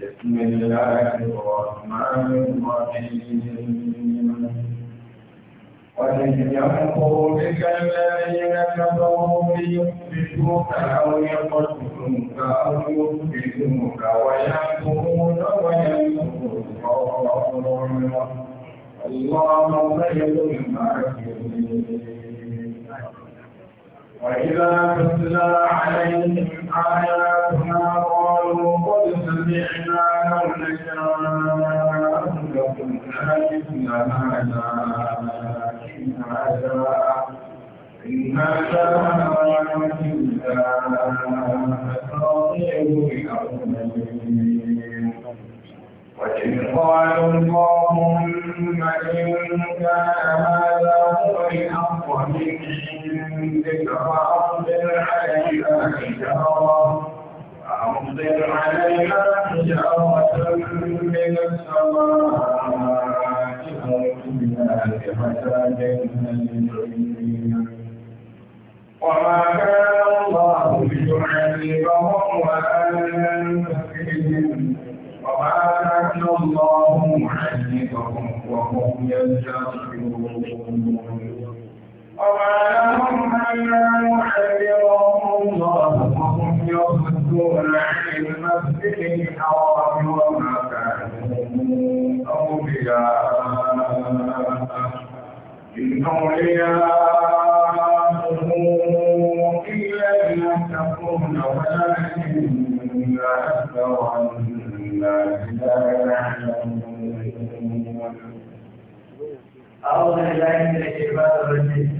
بسم الله الرحمن الرحيم قد ينقر بك الذين كفروا ليثبتوك او يقتلوك او يخرجوك ويأمرون ويمكرون الله خير الماكرين وإذا تتلى عليهم آياتنا قد سمعنا لو نشاء لقلنا مثل هذا إن هذا إن هذا إلا أساطير وإذ قالوا اللهم إن كان هذا هو الحق من عندك فأرسل علينا حجارة فأمطر علينا حجارة من السماء أو إنا بعذاب أليم وما كان الله ليعذبهم وأنت فيهم وما كان الله معذبهم وهم يجهلون وما لهم ألا يحذرهم الله وهم يصدون عن المسجد الحرام وما كانوا أولياء إن أولياءه إلا المتقون ولكن أكثر الناس لا يعلمون أعوذ بالله من الشيطان الرجيم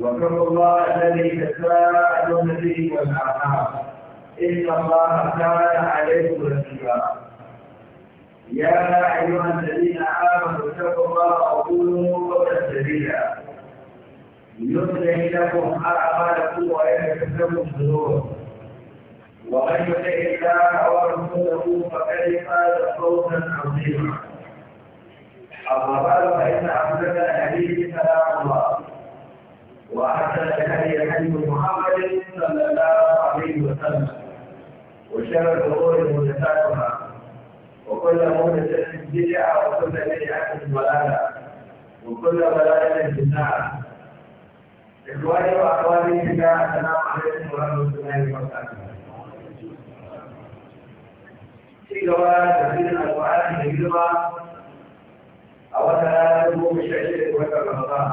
وكفر الله الذي تساءلون به والارحام ان الله كان عليكم رقيبا يا ايها الذين امنوا اتقوا الله وقولوا قولا سديدا يصلح لكم اعمالكم ويغفر لكم ذنوبكم ومن يطع الله ورسوله فقد قال فوزا عظيما اما بعد فان احسن الحديث كلام الله وأحسن الهدي هدي محمد صلى الله عليه وسلم وشر الأمور محدثاتها وكل محدثة بدعة وكل بدعة ضلالة وكل ضلالة في النار إخواني وأخواني في الله السلام عليكم ورحمة الله وبركاته في جوال تفسير القرآن الكريم أو ثلاثة وشعير وكرم رمضان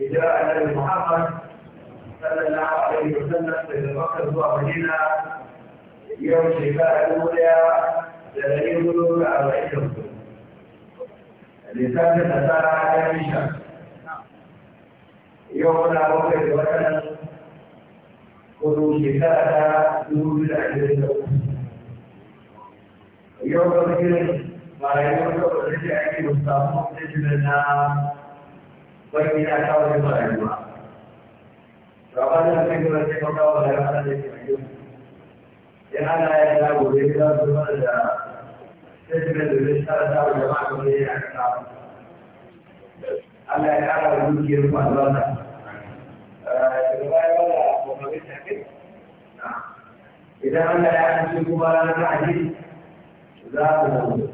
لجاء النبي محمد صلى الله عليه وسلم في هو مدينة يوم شفاء الأولى دليل ملوك أربعين يوم لسان تسارع على الشمس يومنا وقت الوطن وسلم شفاء دون العجل يوم كثير ما يوم كثير يجي مستقبل من wani gida ta wajen marayuwa gaba da kai kuma sai kuma kawo da yana da ke ya ana ya ta gobe gida su mana da sai da zai tsara ta wajen jama'a kuma ya yi a kasa Allah ya kara da dukiyar kwanuwa na daga baya wala kuma bai idan Allah ya kasance kuma ranar ta'adi za a zama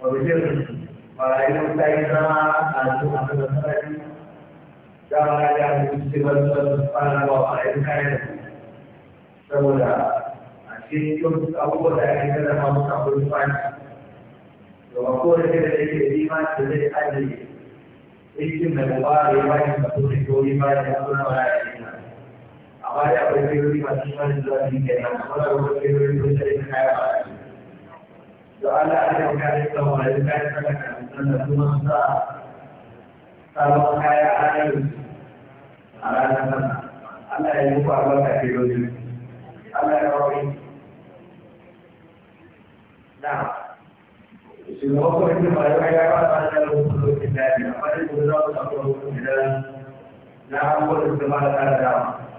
wa bishiyar marayu saya sama langsung aku berkata jangan ada musibah-musibah pada bawah Allah wanda kuma kaya a nan a ranar Allah ya yi kwa wata ke dojin Allah ya rawai na shugaban kwamitin ba ya ya ba ta da lokacin da ya amma da kuma za ku samu lokacin da na abubuwan da ba da tsara dama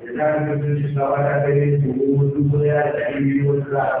idan mutum shi gaba ta gani su ya da ɗari biyu wasu za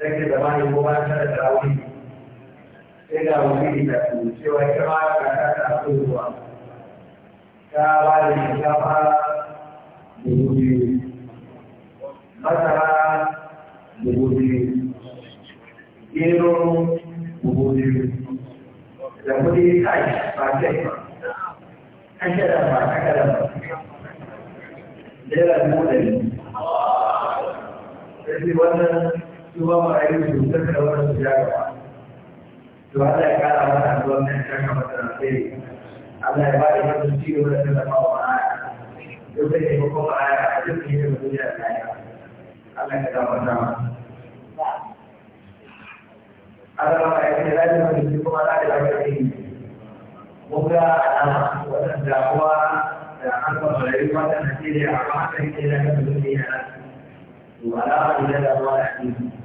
لكن زمان مباشرة تراويح إلا وليه تكون سوى إجماع كانت أخذها كابال الشفاء بوجي مثلا بوجي جيرو بوجي لبوجي كاي باكي أشهد ما أكد ما ليلة مودل Jadi mana Kuma ba ba a yi da wani su ya gaba to Allah ya kara mana zuwa kan kama Allah ya ba da yanzu ci gaba da tallafa wa ma'aya duk da ke kuma ma'aya a duk da yake da duniya da Allah ya dafa ta Allah ba ya ce zai da mutum kuma za da lafiya mun ga wannan damuwa da an ba mai wannan nasiri a ba ta yi da duniya Wala alama ne da damuwa da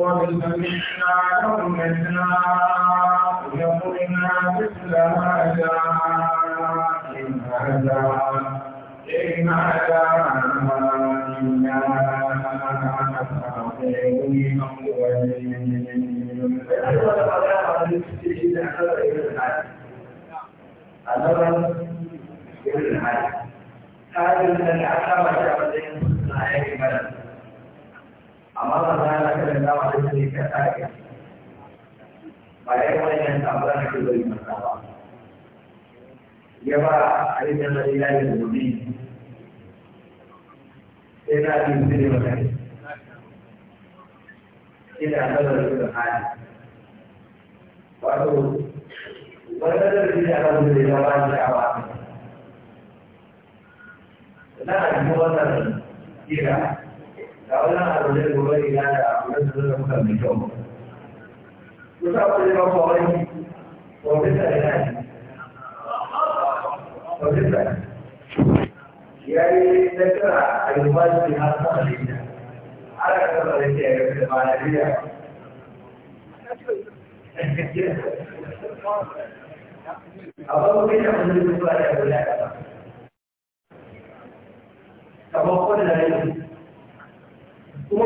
وقد سمعنا لهم يقولنا مثل هذا إن هذا إن هذا إلا هذا من العقبة من العقبة amma ba za a kada da dama da shi ka tsaya ba ya wani yan tambara da shi bari masa ba ya ba a yi da zai yayi da gobe sai na yi zai masa ne ina nazar da hali wato wannan da shi da Allah zai ya ba shi a ba na a yi wannan kira ga wannan arzikin gobe ila da arzikin da zai muka mai kyau kusa ba ne ba ku wani kwamfuta ya ne ya yi tattara a yi masu har sama da ita ana kasa da ke yare da malaria abin kuma ya kuma zai zuwa ya guda kamar kwanan da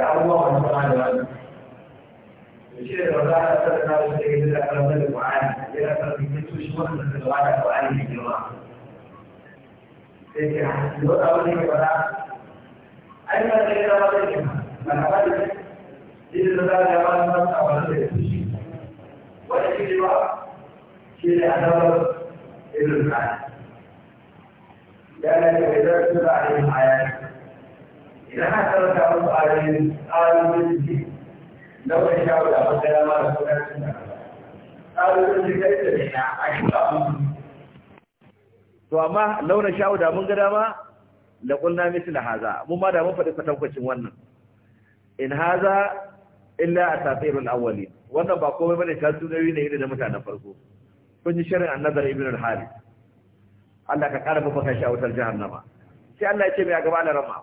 da abubuwa masu kama da wani shi da ba za a tsara na wasu daga zira karamar da ƙwa'ani yana karfi ta tushe wanda suka gaba da ƙwa'ani da girma sai ke hannu da wani ne ba za a yi ba da yana wata ne ba na wata ne idan da za a gaba da wani a wani da tushe wani shi ne ba shi ne a zama irin ƙwa'ani ya ne da idan su za a yi a yanzu idan har karanta wasu ayoyin ayoyin na wani shawo da abin gana ma da sauransu da ayoyin ji kai da ya a shi ba to amma launa shawo da mun gada ma da kunna misu da haza mun ma da mun faɗi kwatankwacin wannan in haza illa a tafiyarun awali wannan ba komai bane ta sunayi ne irin na mutanen farko kun yi shirin annazar ibn al-harith Allah ka ƙara mafakan shi a wutar jahannama sai Allah ya ce mai a gaba da rama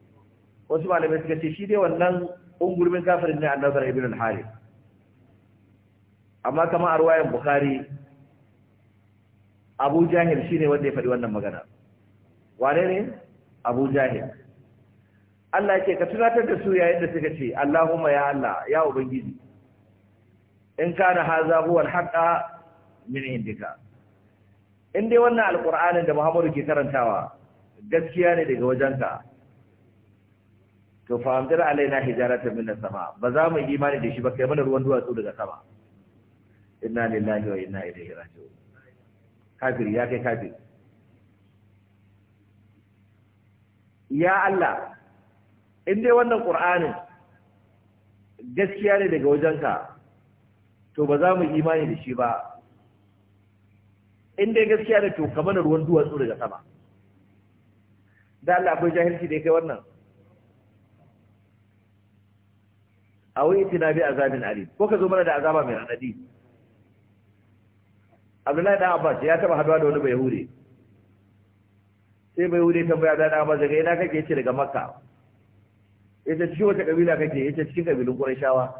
wasu malamai suka ce shi dai wannan ungurmin kafirin ne annasar ibn al-harith amma kama a bukhari abu jahil shine wanda ya faɗi wannan magana wane ne abu jahil Allah ke ka tunatar da su yayin da suka ce Allahumma ya Allah ya ubangiji in kana haza huwa al-haqa min indika in dai wannan alqur'anin da Muhammadu ke karantawa gaskiya ne daga wajenka to fa amdir alaina hijarata min sama ba za mu imani da shi ba kai mana ruwan duwatsu daga sama inna lillahi wa inna ilaihi raji'un kafir ya kai kafir ya Allah in dai wannan qur'anin gaskiya ne daga wajenka to ba za mu imani da shi ba in dai gaskiya ne to ka mana ruwan duwatsu daga sama da Allah akwai jahilci da kai wannan أو إتنا بأذاب عليم وكذو من الأعذاب من الأدين عبد الله بن عباس يا تبا حدوان ونبا يهودي سيبا يهودي تنبا عبد الله بن عباس يقول إناك يتشي لك مكة إذا تشي وتا قبيلة كتي إذا تشي قبيلة قريشاوة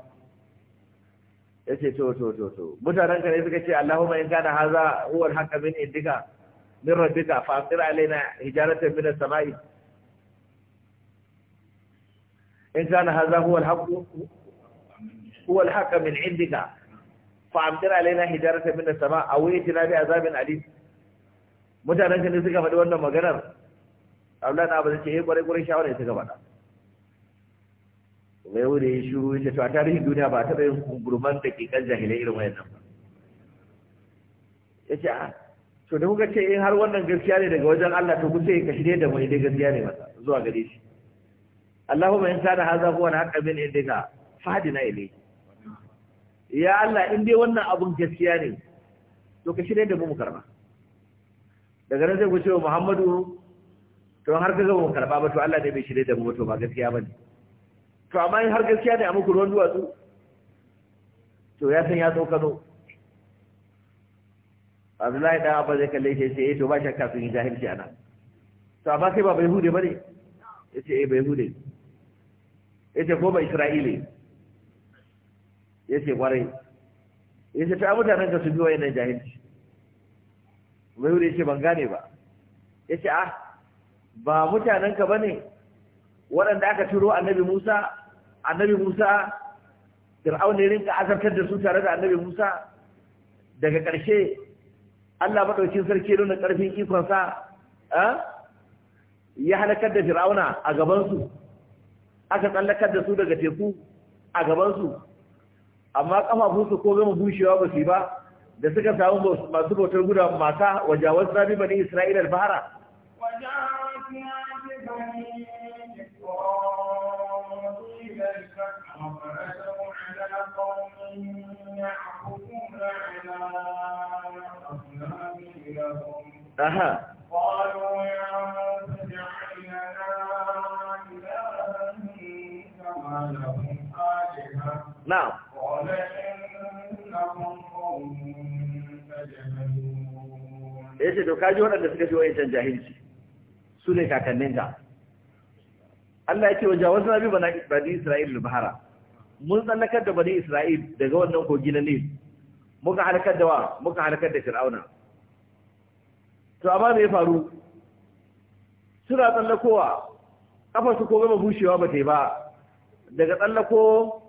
يتشي تو تو تو تو متى رنك إذا كتي اللهم إن كان هذا هو الحق من إندك من ربك فأصير علينا هجارة من السماء إن كان هذا هو الحق huwa al-haqqa min indika fa amtir alaina hijaratan min as samaa aw yatina bi azabin alim mutanen kan suka faɗi wannan maganar Allah na ba zai ce eh kwarai kwarai shawara ne suka faɗa mai wuri ya shuru ya to a tarihin duniya ba taɓa yin kumburman da ke kan jahilai irin wayannan ba ya ce a ah, to da kuka ce in har wannan gaskiya ne daga wajen Allah to kusa ka shirye da mai gaskiya ne masa zuwa gare shi Allahumma in kana hadha huwa al-haqqa min indika fahdina ilayhi ya Allah in dai wannan abun gaskiya ne to ka shirya da mu karba daga nan sai ku cewa Muhammadu to har ka zama karba ba to Allah ne bai shirye da mu to ba gaskiya ba ne to amma in har gaskiya ne a muku ruwan duwatsu to ya san ya tsokano Abdullahi da Abba zai kalle shi sai eh, to ba shakka sun yi jahilci ana to amma sai ba bai hude bane yace eh bai hude yace ko ba Isra'ila Ya kwarai yace ta mutanen ka su biyo yana jahilci mai wuri ce ban gane ba Ya ce ah ba mutanen ka bane waɗanda aka turo annabi Musa annabi Musa Fir'aun ne rinka azartar da su tare da annabi Musa daga ƙarshe Allah maɗaukin sarki nuna ƙarfin ikonsa ah, ya halakar da Fir'auna a gabansu aka tsallakar da su daga teku a gabansu amma kafafunsu ko gama bushewa ba su ba da suka samu masu bautar guda mata wajawar sabi bani isra'ila alfahara Aha. قالوا ya ce to kaji waɗanda suka fi can jahilci su ne kakanninka Allah ya ce wa jawaz na ba bani Isra'il bahara mun tsallakar da bani Isra'il daga wannan kogi na Nil muka halakar da wa muka halakar da Fir'auna to amma me ya faru suna tsallakowa kafar su komai ba bushewa ba tai ba daga tsallako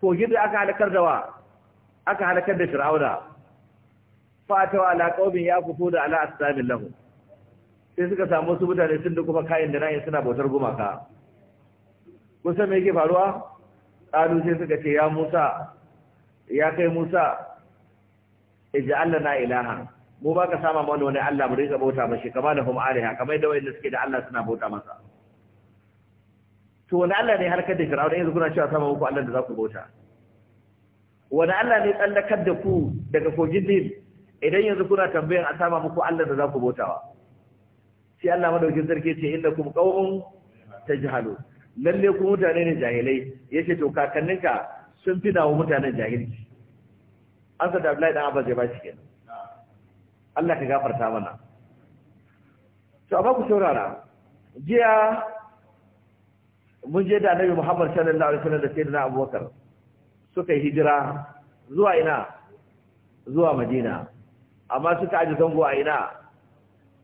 kogin da aka halakar da wa aka halakar da Fir'auna fatawa ala kufu da ala asnamin lahu sai suka samu su mutane sun duk kuma kayan da nayi suna bautar gumaka kusa me yake faruwa qalu sai suka ce ya Musa ya kai Musa ij'al lana ilaha, mu ba ka sama mana wani Allah mu rika bauta mashi kama da hum aliha kamar da wayanda suke da Allah suna bauta masa to wani Allah ne harkar da Fir'auna yanzu kuna cewa sama muku Allah da za ku bauta wani Allah ne tsallakar da ku daga kogin Nil idan yanzu kuna tambayan a sama muku Allah da za ku bautawa sai Allah madaukin sarki ce inda kum qaumun tajhalu lalle ku mutane ne jahilai yace to kakanninka sun fi dawo mutanen jahilci an sa da Abdullahi dan Abbas ya bashi kenan Allah ka gafarta mana to amma ku saurara jiya mun je da Annabi Muhammad sallallahu alaihi wasallam da Sayyidina Abubakar suka hijira zuwa ina zuwa Madina amma suka aji zango a ina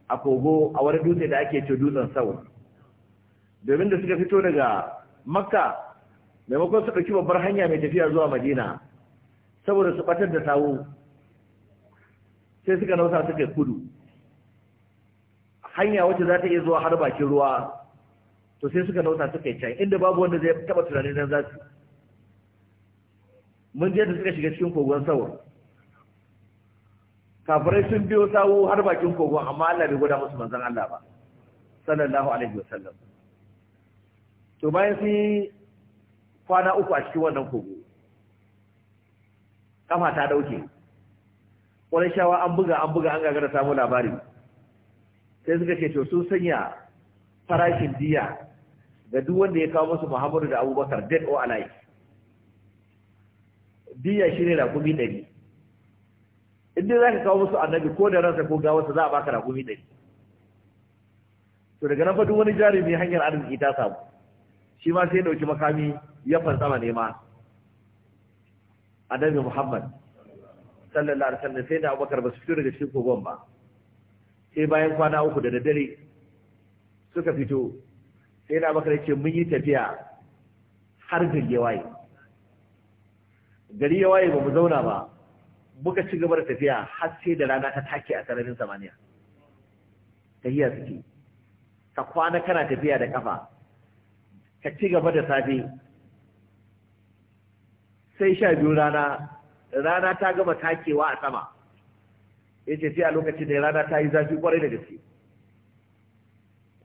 a kogo a wani dutse da ake ce dutsen sau domin da suka fito daga makka maimakon su ɗauki babbar hanya mai tafiya zuwa madina saboda su ɓatar da sawu sai suka nausa suka kudu hanya wacce za ta iya zuwa har bakin ruwa to sai suka nausa suka yi can inda babu wanda zai taɓa tunanin nan za su mun je da suka shiga cikin kogon saur. kafirai sun biyo sawu har bakin kogon amma Allah bai gwada musu manzon Allah ba sallallahu alaihi wasallam to bayan sun yi kwana uku a cikin wannan kogo kafa ta dauke wani shawa an buga an buga an gagara samu labari sai suka ce to sun sanya farashin diya ga duk wanda ya kawo musu Muhammadu da Abubakar dead or alive diya shine rakumi ɗari inda za ka kawo musu annabi ko da ransa ko gawarsa za a baka rakumi ɗari to daga nan fa duk wani jari mai hanyar arziki ta samu shi ma sai dauki makami ya fansama ne ma annabi muhammad sallallahu alaihi wasallam sai da abubakar ba su fito daga cikin kogon ba sai bayan kwana uku da daddare suka fito sai da abubakar ya ce mun yi tafiya har gari ya waye gari ya waye ba mu zauna ba muka ci gaba da tafiya har sai da rana ta take a sararin samaniya tahiya suke ka kwana kana tafiya da kafa ka ci gaba da safe sai sha biyu rana rana ta gama takewa a sama Ya ce sai a lokacin da rana ta yi zafi kwarai da gaske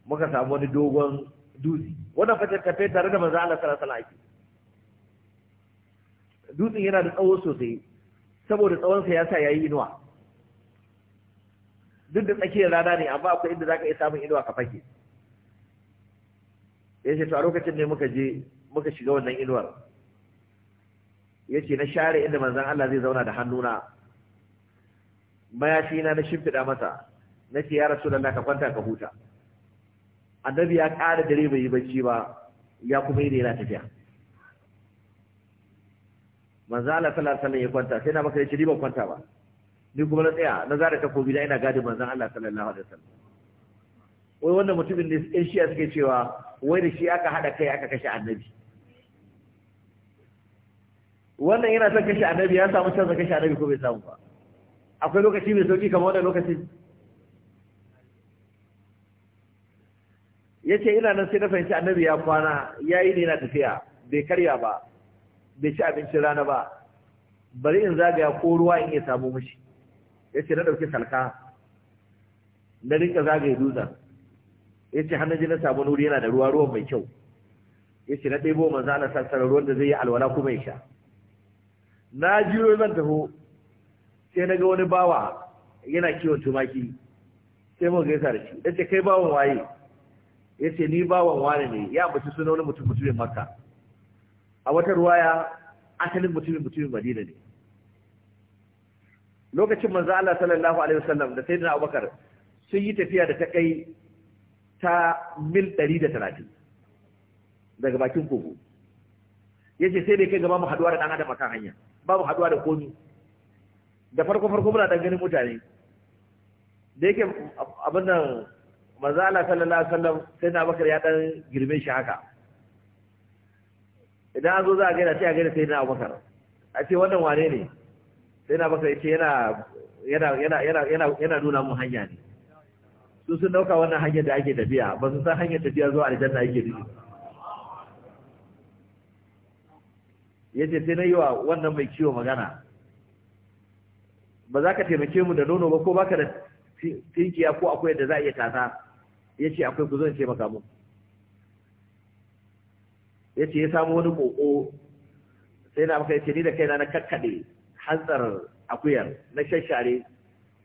muka samu wani dogon dutse wannan fatar tafe tare da manzo Allah sallallahu alaihi wasallam dutsen yana da tsawo sosai saboda tsawonsa ya sa ya yi inuwa duk da tsakiyar rana ne amma akwai inda za ka iya samun inuwa ka fage ya ce to a lokacin ne muka je muka shiga wannan inuwar ya ce na share inda manzan Allah zai zauna da hannuna mayashina na shimfiɗa masa na ce ya rasu ka kwanta ka huta annabi ya ƙara dare bai yi bacci ba ya kuma yi da yana tafiya manzo Allah sallallahu alaihi wasallam ya kwanta sai na maka ya ci ban kwanta ba ni kuma na tsaya na zara kobi da ina gadin manzon Allah sallallahu alaihi wasallam wai wannan mutumin ne ɗan shiya suke cewa wai da shi aka haɗa kai aka kashe annabi wannan yana son kashe annabi ya samu canza kashe annabi ko bai samu ba akwai lokaci mai sauki kamar wannan lokacin ya ce ina nan sai na fahimci annabi ya kwana ya yi ne yana tafiya bai karya ba bai ci abincin rana ba bari in zagaya ko ruwa in iya samu mashi ya ce na ɗauki salka na rinka zagaya dutsen ya ce hannun jinin na samu nuri yana da ruwa ruwan mai kyau ya ce na ɗebo manzo na sassarar ruwan da zai yi alwala kuma ya sha na jiro zan taho sai na ga wani bawa yana kiwon tumaki sai mun gaisa da shi ya ce kai bawan waye ya ce ni bawan wane ne ya ambaci suna wani mutum mutumin makka a wata ruwaya asalin mutumin mutumin madina ne lokacin manzo Allah sallallahu alaihi wasallam da sayyidina Abubakar sun yi tafiya da ta kai ta mil 130 daga bakin kogo yace sai dai kai gaba mu haduwa da dan adam kan hanya babu haduwa da komi da farko farko muna dan ganin mutane da yake abin nan manzo Allah sallallahu alaihi wasallam sai Abubakar ya dan girme shi haka idan an zo za a gaida sai a gaida sai na abubakar a ce wannan wane ne sai na abubakar ya ce yana nuna mun hanya ne su sun dauka wannan hanyar da ake tafiya ba su san hanyar tafiya zuwa aljanna ake nufi ya ce sai na yi wa wannan mai ciwo magana ba za ka taimake mu da nono ba ko baka da tinkiya ko akwai da za a iya tata ya ce akwai ku zo in taimaka muku ya ce ya samu wani koko sai na maka ce ni da kaina na kakkaɗe hantsar akuyar na shashare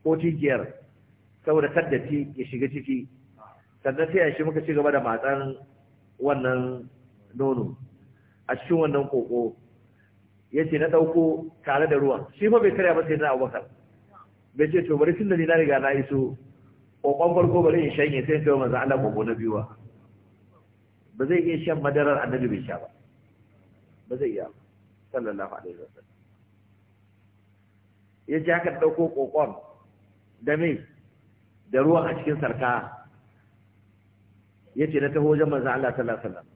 ko tigiyar saboda kaddaci ya shiga ciki sannan sai shi muka ci gaba da matsan wannan nono a cikin wannan koko ya ce na ɗauko tare da ruwan shi ma bai karya ba sai na abubakar bai ce to bari tun da ni na riga na iso ƙoƙon farko bari in shanye sai in kai manzo Allah koko na biyuwa ba zai iya shan madarar annabi bai sha ba ba zai iya sallallahu alaihi wasallam ya ji haka dauko kokon da mai da ruwan a cikin sarka ya ce na taho wajen manzo Allah sallallahu alaihi wasallam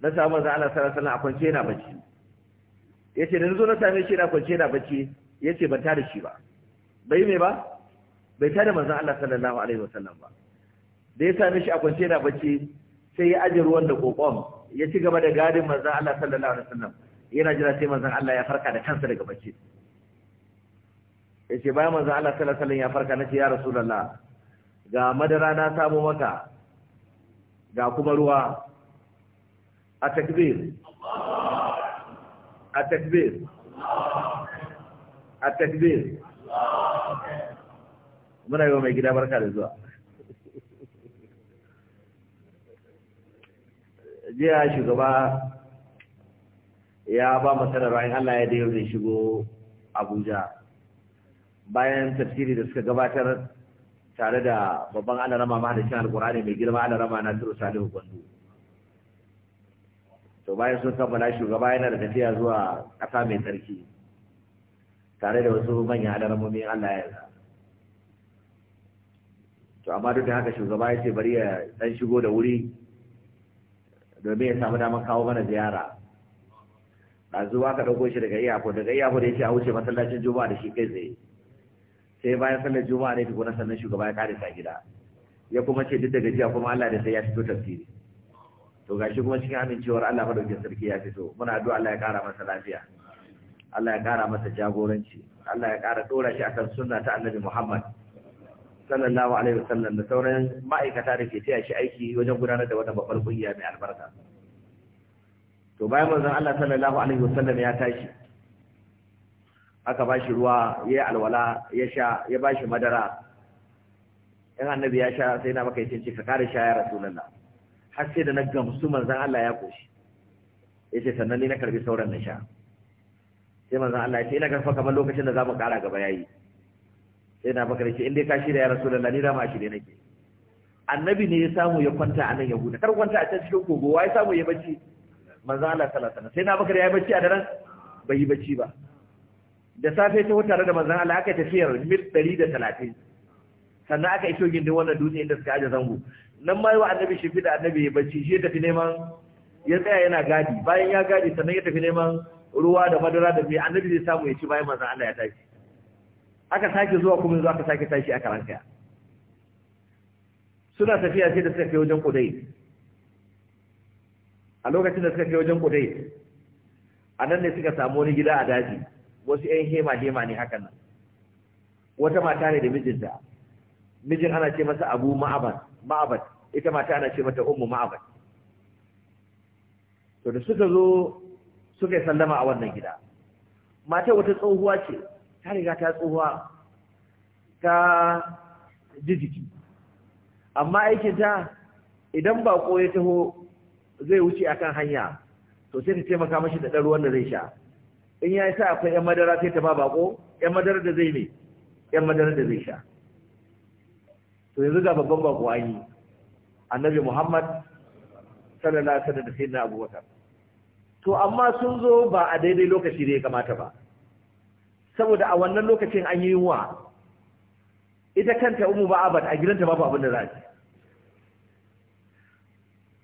na samu manzo Allah sallallahu alaihi wasallam a kwance yana bacci ya ce da na na same shi yana kwance yana bacci ya ce ban tada shi ba bai mai ba bai tada manzo Allah sallallahu alaihi wasallam ba da ya same shi a kwance yana bacci sai ya aje ruwan da kokon ya ci gaba da gadin manzan Allah sallallahu alaihi wasallam yana jira sai manzan Allah ya farka da kansa daga bacci yace bayan manzan Allah sallallahu alaihi wasallam ya farka nace ya rasulullah ga madara na samu maka ga kuma ruwa a takbir a takbir a takbir muna yi wa mai gida barka da zuwa jiya shugaba ya ba masana ra'ayin Allah ya da yau zai shigo Abuja bayan tafsiri da suka gabatar tare da babban alarama mahalicin alkurani mai girma alarama na turu salihu gwandu to bayan sun kammala shugaba yana da tafiya zuwa ƙasa mai tsarki tare da wasu manyan alaramomin allah ya yarda to amma duk da haka shugaba ya ce bari ya dan shigo da wuri domin ya samu damar kawo mana ziyara ɗazu ba ka ɗauko shi daga iyako daga iyako da ya ce a wuce masallacin juma'a da shi kai tsaye sai bayan sallar juma'a ne na sannan shugaba ya kare sa gida ya kuma ce duk da gajiya kuma Allah da sai ya fito tafsiri to gashi kuma cikin amincewar Allah madaukin sarki ya fito muna addu'a Allah ya kara masa lafiya Allah ya kara masa jagoranci Allah ya kara dora shi akan sunna ta Annabi Muhammad sallallahu alaihi wasallam da sauran ma'aikata da ke taya shi aiki wajen gudanar da wannan babbar kungiya mai albarka to bayan manzon Allah sallallahu alaihi wasallam ya tashi aka bashi ruwa ya alwala ya sha ya bashi madara in annabi ya sha sai na maka yace ka kare sha ya rasulullah har sai da na gamsu manzon Allah ya koshi yace sannan ni na karbi sauran na sha sai manzon Allah ya ce ina garfa kamar lokacin da zamu kara gaba yayi Yana maka da shi, inda ka shirya ya rasulullah ni dama a shirye nake annabi ne ya samu ya kwanta a nan ya kar kwanta a can cikin kogo wai samu ya bacci manzo Allah sallallahu alaihi sai na bakar ya bacci a daren bai yi bacci ba da safe ta tare da manzo Allah aka tafiyar mil 130 sannan aka iso gindin wannan dutse inda suka aje zango nan ma wa annabi shi fida annabi ya bacci shi ya tafi neman ya tsaya yana gadi bayan ya gadi sannan ya tafi neman ruwa da madara da mai annabi zai samu ya ci bayan manzo Allah ya tafi aka sake zuwa kuma zuwa aka sake tashi aka rankaya suna tafiya sai da suka kai wajen kudai a lokacin da suka kai wajen kudai a nan ne suka samu wani gida a daji wasu 'yan hema-hema ne hakan nan wata mata ne da mijinta mijin ana ce masa abu Ma'abat. ma'abat ita mata ana ce mata ummu Ma'abat. to da suka zo suka yi sallama a wannan gida mata wata tsohuwa ce ta riga ta tsohuwa ta jijiki amma aikinta, idan bako ya taho zai wuce akan hanya to sai ta taimaka mashi da ruwan da zai sha in ya sa akwai yan madara sai ta ba bako yan madara da zai ne yan madara da zai sha to yanzu ga babban bako an yi annabi muhammad sallallahu alaihi wasallam da sayyidina abubakar to amma sun zo ba a daidai lokaci da ya kamata ba saboda a wannan lokacin an yi yunwa ita kanta umu ba abad a gidanta babu abin da za ce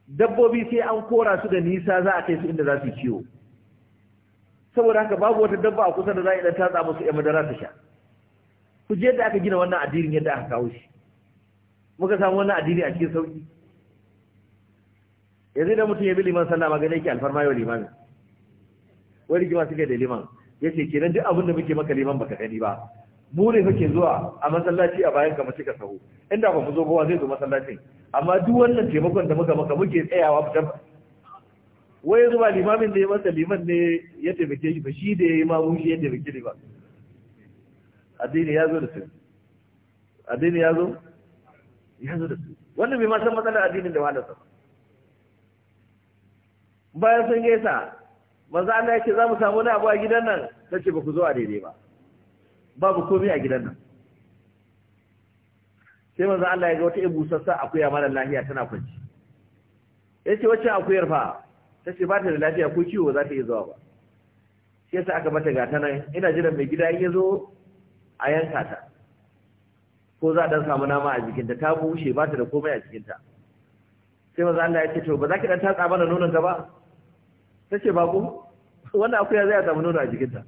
dabbobi sai an kora su da nisa za a kai su inda za su ciwo saboda haka babu wata dabba a kusa da za a idan ta tsamo su ya madara ta sha ku je yadda aka gina wannan addinin yadda aka kawo shi muka samu wannan addini a cikin sauki yanzu da mutum ya bi liman sallah magana yake alfarma yau liman wani rigima suke da liman yace kenan duk abin da muke maka liman baka gani ba mu ne kake zuwa a masallaci a bayan ka mu cika sahu inda ba mu zo ba zai zo masallacin amma duk wannan taimakon da muka maka muke tsayawa fitar waye zuwa limamin da ya masa liman ne ya taimake shi ba shi da ya yi mamu shi ya taimake ba. addini ya zo da su addini ya zo ya zo da su wannan bai ma san matsalar addinin da wahalarsa bayan sun gaisa manzo Allah yake za mu samu ne abu a gidan nan sace ba ku zo a daidai ba babu komai a gidan nan sai manzo Allah ya ga wata ibusassa akuya mara lafiya tana kwanci yace wacce akuyar fa sace ba ta da lafiya ko ciwo za ta iya zuwa ba sai sa aka mata gata nan ina jiran mai gida ya zo a yanka ta ko za a dan samu nama a jikinta ta bushe ba ta da komai a jikinta sai manzo Allah ya ce to ba za ki dan tatsa mana nonon ka ba tace bako wannan akuya zai samu nono a jikinta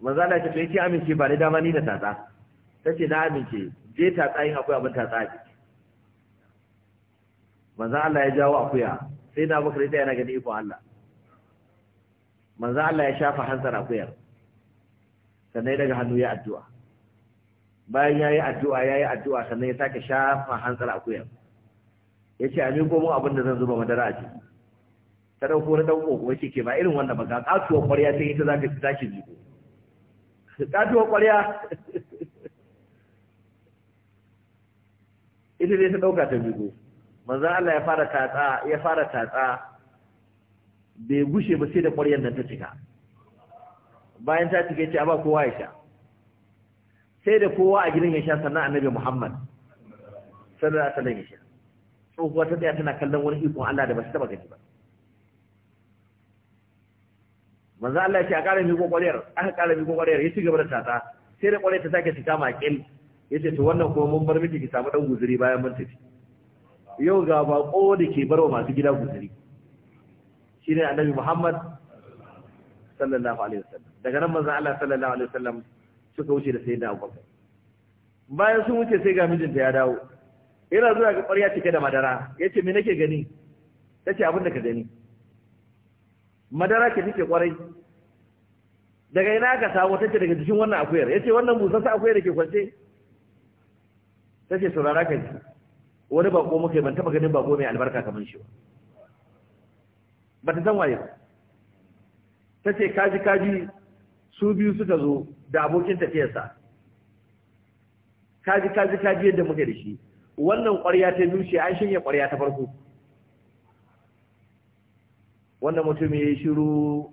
manzo Allah ya ce ki amince ba ni dama ni da tatsa Ta ce na amince je tatsa yin akuya abin tatsa a jiki manzo Allah ya jawo akuya sai na bakar ita yana gani iko Allah manzo Allah ya shafa hanzar akuyar sannan daga hannu ya addu'a bayan ya yi addu'a ya yi addu'a sannan ya sake shafa hansar akuyar ya ce a mi mun abin da zan zuba madara a ciki ta dauko na dauko ƙoƙo shi ke ba irin wanda ba ga ƙatuwar ƙwarya sai ita za ka ci tashi jiko ƙatuwar ƙwarya ita dai ta dauka ta jiko manzan Allah ya fara tatsa ya fara tatsa bai gushe ba sai da ƙwaryar nan ta cika bayan ta cike ce a ba kowa ya sha sai da kowa a gidan ya sha sannan annabi Muhammad sallallahu alaihi wasallam ya sha tsohuwa ta tsaya tana kallon wani ikon Allah da ba su taba gani ba manzo Allah ya ce a ƙara mi ko ƙwariyar aka ƙara mi ko ƙwariyar ya ci gaba da tata sai da ƙwariyar ta sake cika maƙil ya ce to wannan kuma mun bar miki ki samu dan guzuri bayan mun tafi yau ga ko da ke barwa masu gida guzuri shine annabi Muhammad sallallahu alaihi wasallam daga nan manzo Allah sallallahu alaihi wasallam suka wuce da Abu Bakar bayan sun wuce sai ga mijinta ya dawo yana zuwa ga ƙwarya cike da madara yace me nake gani tace abin da ka gani madara ke take kwarai daga ina ka samu take daga jikin wannan akuyar yace wannan sa akuyar da ke kwance take saurara ka ji wani bako muke ban taba ganin bako mai albarka kamar shi ba ta san waye take kaji kaji su biyu suka zo da abokin sa kaji kaji kaji yadda muke da shi wannan ƙwarya ta biyu an shirya ƙwarya ta farko wannan mutum ya yi shiru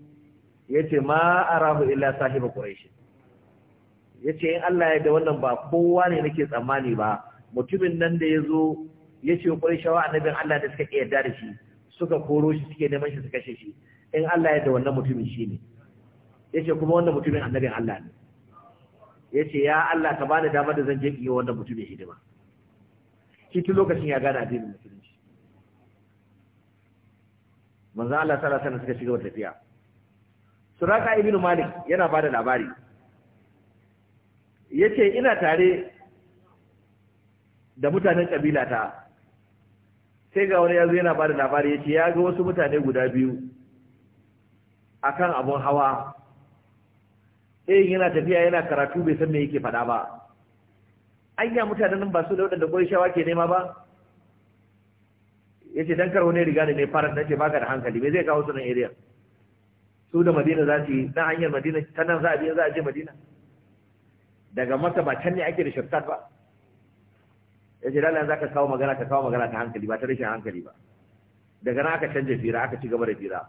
ya ce ma rahu illa sahiba quraish ya ce in Allah ya da wannan ba kowa ne nake tsammani ba mutumin nan da ya zo ya ce qurayshawa annabin Allah da suka yarda da shi suka koro shi suke neman shi su kashe shi in Allah ya da wannan mutumin shi ne ya ce kuma wannan mutumin annabin Allah ne ya ce ya Allah ka bani damar da zan je yi wannan mutumin hidima shi tun lokacin ya gane addinin musulmi manzo Allah sallallahu alaihi suka shiga tafiya suraka ibnu malik yana bada labari yace ina tare da mutanen kabila ta sai ga wani yazo yana bada labari yace ya ga wasu mutane guda biyu akan abun hawa eh yana tafiya yana karatu bai san me yake faɗa ba anya mutanen ba su da wadanda goyi shawa ke nema ba ya ce dan kar wani riga da ne fara na ce baka da hankali me zai kawo su area su da madina za su yi na hanyar madina ta nan za a biya za a je madina daga mata ba can ne ake da shirkat ba ya ce lalan za ka kawo magana ka kawo magana ta hankali ba ta rashin hankali ba daga nan aka canja fira aka ci gaba da fira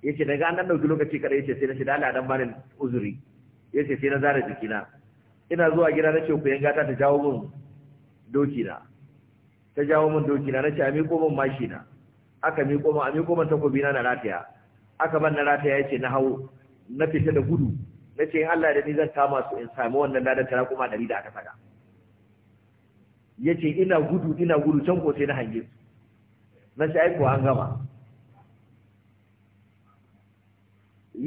ya ce daga nan ɗauki lokaci kada ya ce sai na shi lalan dan bani uzuri ya ce sai na zara jikina ina zuwa gida na ce ku yanga ta ta jawo min doki na ta jawo min doki na nace a miƙo min mashi na aka miƙo min a miƙo min takobi na na rataya aka ban na rataya yace na hawo na fita da gudu nace in Allah da ni zan kama su in sami wannan ladan tara kuma 100 da aka saka yace ina gudu ina gudu can ko sai na hange su na ai aiko an gama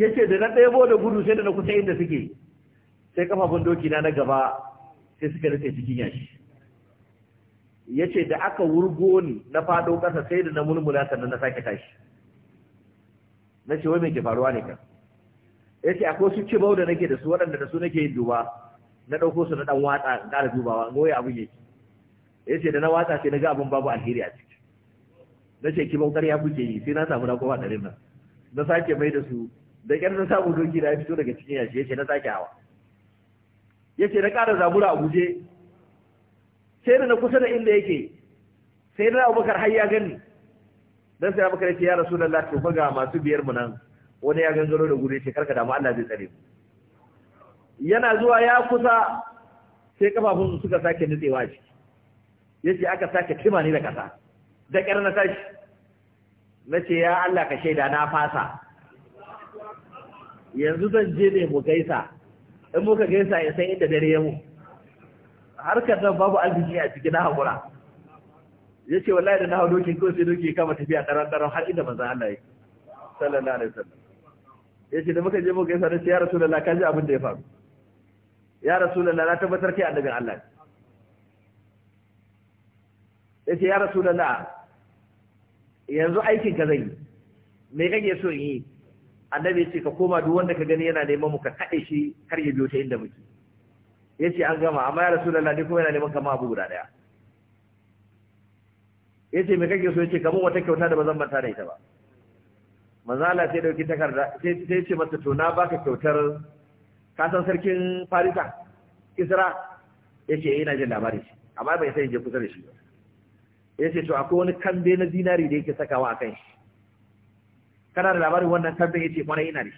yace da na ɗebo da gudu sai da na kusa inda suke sai kafafun doki na na gaba sai suka rufe cikin yashi yace da aka wurgo ni na fado ƙasa sai da na mulmula sannan na sake tashi na ce wai mai ke faruwa ne Ya yace akwai su kibau da nake da su waɗanda da su nake yin duba na ɗauko su na ɗan watsa in ƙara dubawa goye abin yake yace da na watsa sai na ga abin babu alheri a ciki na ce kibau ƙarya kuke yi sai na samu na koma ɗarin nan na sake mai da su da ƙyar na samu doki na fito daga cikin yashi yace na sake hawa yace na ƙara zamura a guje sai da na kusa da inda yake sai da bakar har ya gani dan sai abu ce ya rasu da to fa ga masu biyar mu nan wani ya gangaro da gudu ce ka damu Allah zai tsare mu yana zuwa ya kusa sai kafafun suka sake nutsewa shi yace aka sake kima ne da kasa da kyar na tashi nace ya Allah ka shaida na fasa yanzu zan je ne mu gaisa in muka gaisa ya san inda dare ya mu harkar nan babu arziki a cikin hakura ya ce wallahi da na hau dokin kawai sai doki kama tafiya ɗaran ɗaran har inda manzan Allah ya sallallahu alaihi wasallam ya ce da muka je muka da shi ya rasu lalla ka ji abin da ya faru ya rasu lalla na tabbatar kai annabin Allah ya ce ya rasu yanzu aikin ka zai me kake so in yi annabi ya ce ka koma duk wanda ka gani yana neman mu ka kaɗe shi kar ya biyo ta inda muke ya ce an gama amma ya rasu da Ladi kuma yana neman kama abu guda daya ya ce mai kake so ya ce kamar wata kyauta da ba zan manta da ita ba manzala sai dauki takarda sai ce mata to na baka kyautar kasan sarkin farisa isra ya ce yana eh, jin labari shi amma bai sai je kusa da shi ba ya ce to akwai wani kambe na zinari da yake sakawa a kan shi kana da labarin wannan kamben ya ce kwanan ina ne?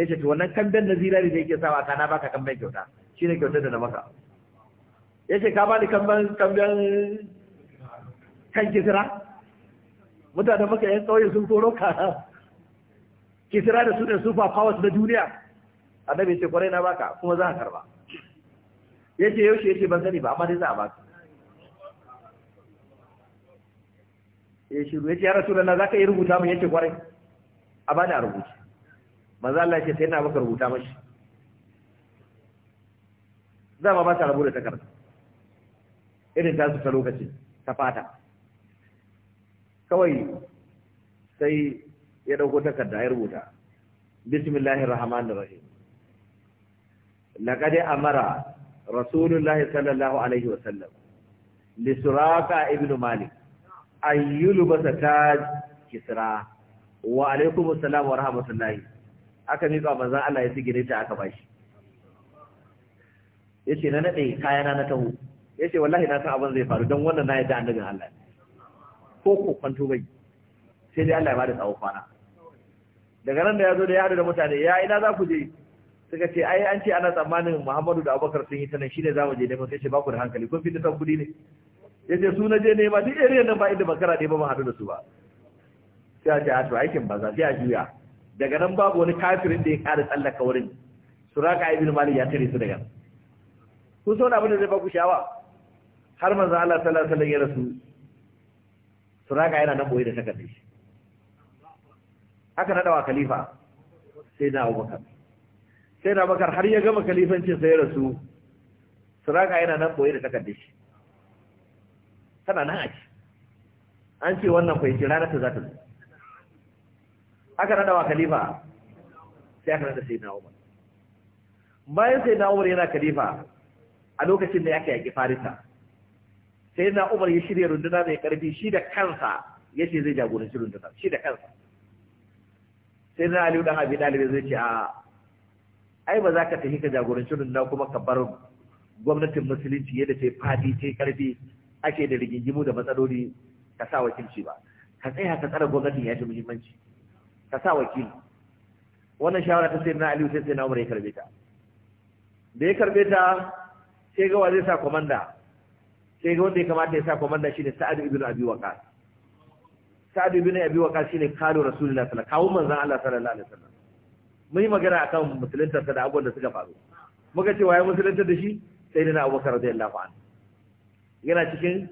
ya ce to wannan kamben na zinari da yake sawa kana baka kamben kyauta shi ne kyautar da na maka ya ce ka bani kamban kamban kan kisira da maka yan ƙauye sun koro ka kisira da su super powers na duniya annabi ce kwarai na baka kuma za a karba ya ce yaushe ya ce ban sani ba amma dai za a baka ya shiru ya ce ya rasu na za ka yi rubuta mai ya ce kwarai a bani a rubuta maza Allah ya ce sai na baka rubuta mashi Za ba ta rabu da takarda irin su ta lokaci ta fata kawai sai ya dauko takarda ya rubuta bismillahir rahmanir rahim laqad amara rasulullahi sallallahu alaihi wa sallam li suraka ibnu malik an yulbasa taj kisra wa alaikum assalam wa rahmatullahi aka miƙa manzon Allah ya sigire ta aka bashi yace na nade kayana na taho yace wallahi na san abin zai faru don wannan na yadda annabin Allah ko ko kwanto bai sai dai Allah ya bada tsawo kwana daga nan da ya zo da ya hadu da mutane ya ina za ku je suka ce ai an ce ana tsammanin Muhammadu da Abubakar sun yi ta nan shine mu je neman sai ce ba ku da hankali kun fita san kudi ne yace su na je nema duk area nan ba inda bakara ne ba mu hadu da su ba sai a ce a to aikin ba za sai a juya daga nan babu wani kafirin da ya kada tsallaka wurin suraka ibn malik ya tare su daga nan kun so abin da zai baku shawa har manzo Allah sallallahu alaihi wasallam ya rasu suraka yana nan boye da takardar shi aka nada khalifa sai na Abubakar sai na Abubakar har ya gama khalifancin sai ya rasu suraka yana nan boye da takardar shi tana nan a ci an ce wannan fahimci ranar ta za ta zo aka nada wa khalifa sai aka da sai na Umar bayan sai na Umar yana khalifa a lokacin da yake yaki farisa sai na umar ya shirya runduna mai karfi shi da kansa ya ce zai jagoranci runduna shi da kansa sai na aliyu da habi dalib zai ce a ai ba za ka tafi ka jagoranci runduna kuma ka bar gwamnatin musulunci yadda ta yi fadi ta yi karfi ake da rigingimu da matsaloli ka sa wakilci ba ka tsaya ka tsara gwamnatin ya fi muhimmanci ka sa wakili wannan shawara ta sai na aliyu sai sai na umar ya karbe ta da ya karbe ta sai ga wa zai sa komanda sai ga wanda ya kamata ya sa komanda shine Sa'ad ibn Abi Waqqas Sa'ad ibn Abi Waqqas shine kalu Rasulullahi sallallahu alaihi wasallam kawo manzon Allah sallallahu alaihi wasallam mai magana akan musulunta da abubuwan da suka faru muka ce waye musulunta da shi sai dana Abu Bakar radiyallahu anhu yana cikin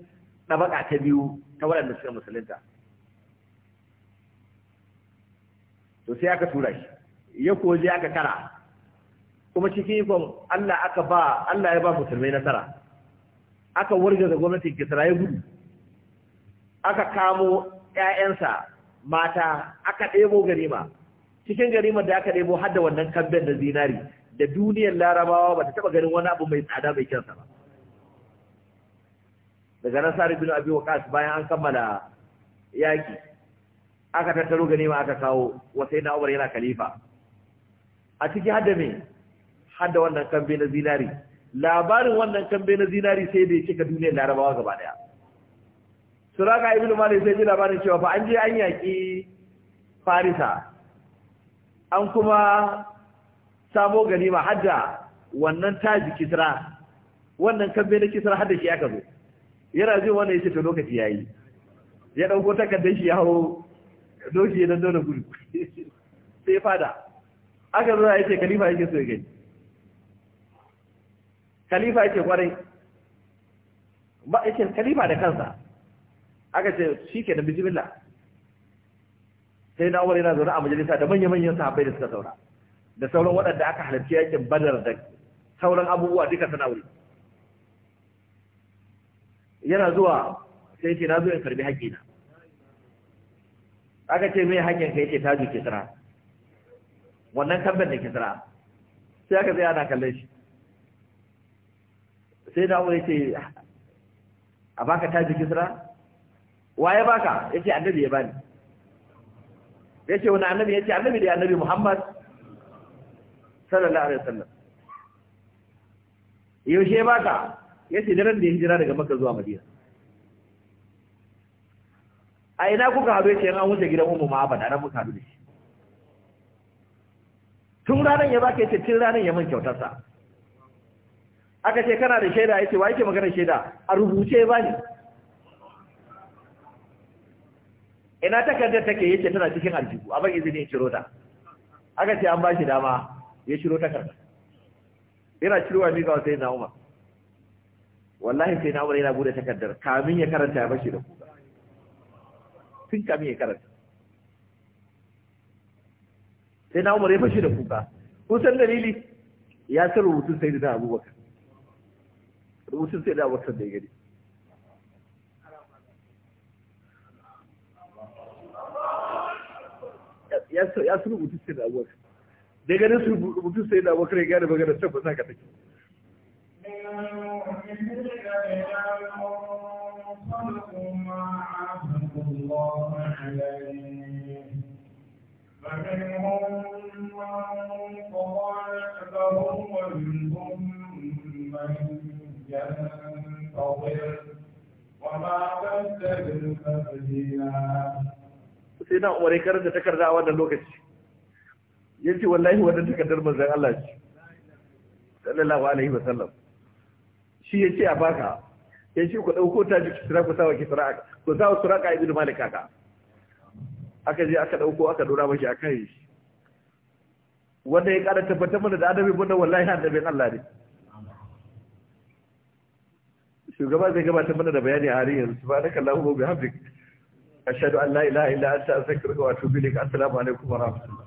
dabaka ta biyu ta waɗanda suka musulunta to sai aka tura shi ya koje aka kara kuma cikin ikon Allah aka ba Allah ya ba musulmai nasara aka wargaza gwamnatin Kisra ya gudu aka kamo ƴaƴansa mata aka ɗebo garima cikin garimar da aka ɗebo har wannan kamben da zinari da duniyar larabawa ba ta taɓa ganin wani abu mai tsada mai kyansa ba daga nan sari bin abi waqas bayan an kammala yaki aka tattaro ganima aka kawo wasai sayyidina Umar yana khalifa a ciki hadda me har da wannan kambe na zinari labarin wannan kambe na zinari sai da ya cika duniyar larabawa gaba daya suraka ibnu malik sai ji labarin cewa fa an je an yaki farisa an kuma samo ganima hadda wannan taji kisra wannan kambe na kisra hadda shi aka zo yana jin wannan ya ce to lokaci yayi ya dauko takardar shi ya hawo doki na dole gudu sai fada aka zo ya ce khalifa yake so ya gani khalifa yake kwarai ba yake khalifa da kansa aka ce shi ke da bismillah sai na Umar na zaune a majalisa da manya-manyan sahabbai da suka saura da sauran waɗanda aka halarci yakin badar da sauran abubuwa duka suna wuri yana zuwa sai ce na zo in karbi haƙƙina aka ce mai haƙƙin ka yake tajo kisra wannan kabban da kisra sai aka zai ana kallon shi sai na ya ce a baka taji kisra wa ya baka yace annabi ya bani yace wani annabi yace annabi da annabi Muhammad sallallahu alaihi wasallam yaushe baka yace daren da ya hijira daga Makka zuwa Madina a ina kuka haɗu yace an wuce gidan Ummu Ma'abad anan muka haɗu da shi tun ranar ya baka yace tun ranar ya man kyautarsa. aka ce kana da shaida yake wa yake magana shaida a rubuce ba ne ina takardar take yake tana cikin aljihu ban izini ya ciro ta aka ce an ba shi dama ya ciro takardar yana cirowa mika wa sai na umar wallahi sai na umar yana bude takardar kamin ya karanta ya bashi da kuka tun kamin ya karanta sai na umar ya bashi da kuka kun san dalili ya san rubutun sai da abubakar rubutun sai da da ya ya su sai da da ya su sai da ya can ba za ka take من قضى ومنهم من ينتظر وما بدلوا تبديلا sai na umar karanta takarda a wannan lokaci ya ce wallahi wannan takardar manzan Allah ce sallallahu alaihi wa sallam shi ya ce a baka ya ce ku ɗauko ta ji kisra ku sawa kisra ku sawa suraka ibn malik aka aka je aka ɗauko aka dora mashi aka yi. shi wanda ya ƙara tabbatar mana da annabi bunda wallahi annabin Allah ne shugaba zai gabatar mana da bayani a su ba subhanakallahumma wa bihamdik ashhadu an la ilaha illa anta astaghfiruka wa atubu ilaik assalamu alaikum wa rahmatullahi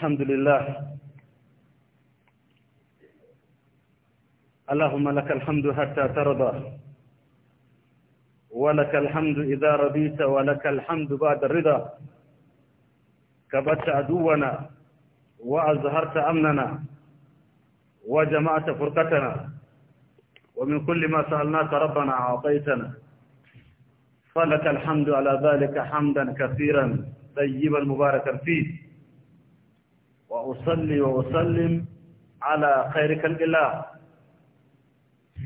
الحمد لله اللهم لك الحمد حتى ترضى ولك الحمد إذا رضيت ولك الحمد بعد الرضا كبت عدونا وأزهرت أمننا وجمعت فرقتنا ومن كل ما سألناك ربنا أعطيتنا فلك الحمد على ذلك حمدا كثيرا طيبا مباركا فيه وأصلي وأسلم على خير Muhammad,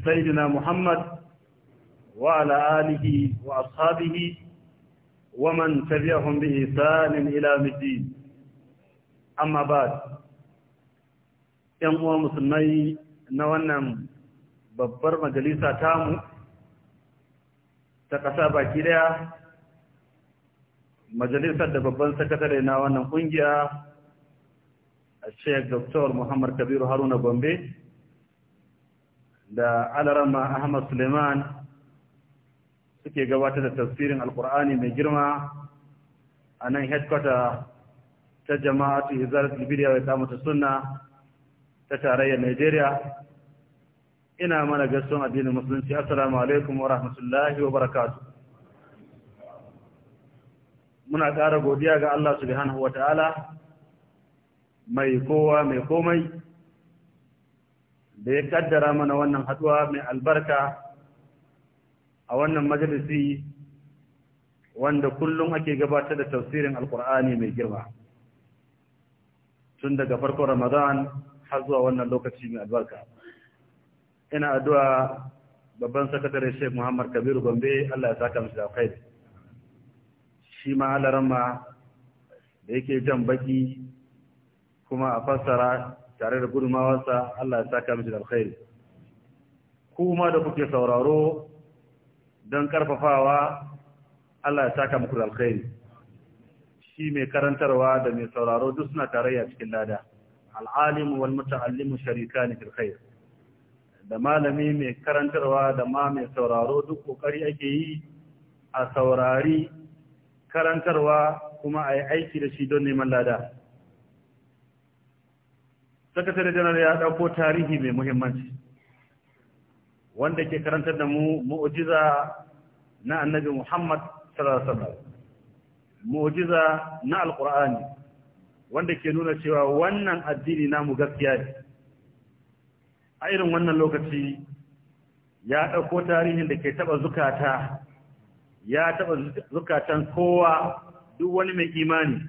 wa سيدنا محمد وعلى آله وأصحابه ومن تبعهم بإحسان إلى الدين أما بعد ‘yan uwan musulmai na wannan babbar majalisa tamu ta ƙasa baki daya majalisar da babban sakatare na wannan ƙungiya A Sheikh Dr. Muhammad Kabiru Haruna Gombe da Alarama Ahmad Suleiman suke gabatar da tafsirin Alkur'ani mai girma a nan headquarter ta jama'atu Izalat Libya wa Ikamata Sunna ta tarayyar Najeriya ina mana gaskon addinin musulunci assalamu alaikum wa rahmatullahi wa barakatuh muna ƙara godiya ga Allah subhanahu wa mai kowa mai komai da ya kaddara mana wannan haduwa mai albarka a wannan majalisi wanda kullum ake gabatar da tafsirin alkur'ani mai girma tun daga farkon ramadan har zuwa wannan lokaci mai albarka ina addu'a babban sakatare sheikh muhammad kabiru gombe allah ya saka mishi da kai shi ma alarama da yake jan baki kuma a fassara tare da gudunmawarsa Allah ya saka mishi da alkhairi kuma da kuke sauraro don karfafawa Allah ya saka muku da alkhairi shi mai karantarwa da mai sauraro duk suna tarayya cikin lada al'alimu wal muta'allimu sharikani fil khair da malami mai karantarwa da ma mai sauraro duk ƙoƙari ake yi a saurari karantarwa kuma a yi aiki da shi don neman lada sakatare janar ya ɗauko tarihi mai muhimmanci wanda ke karantar da mu mu'ujiza na annabi muhammad sallallahu mu'ujiza na alqur'ani wanda ke nuna cewa wannan addini namu gaskiya ne a irin wannan lokaci ya ɗauko tarihin da ke taɓa zukata ya taɓa zukatan kowa duk wani mai imani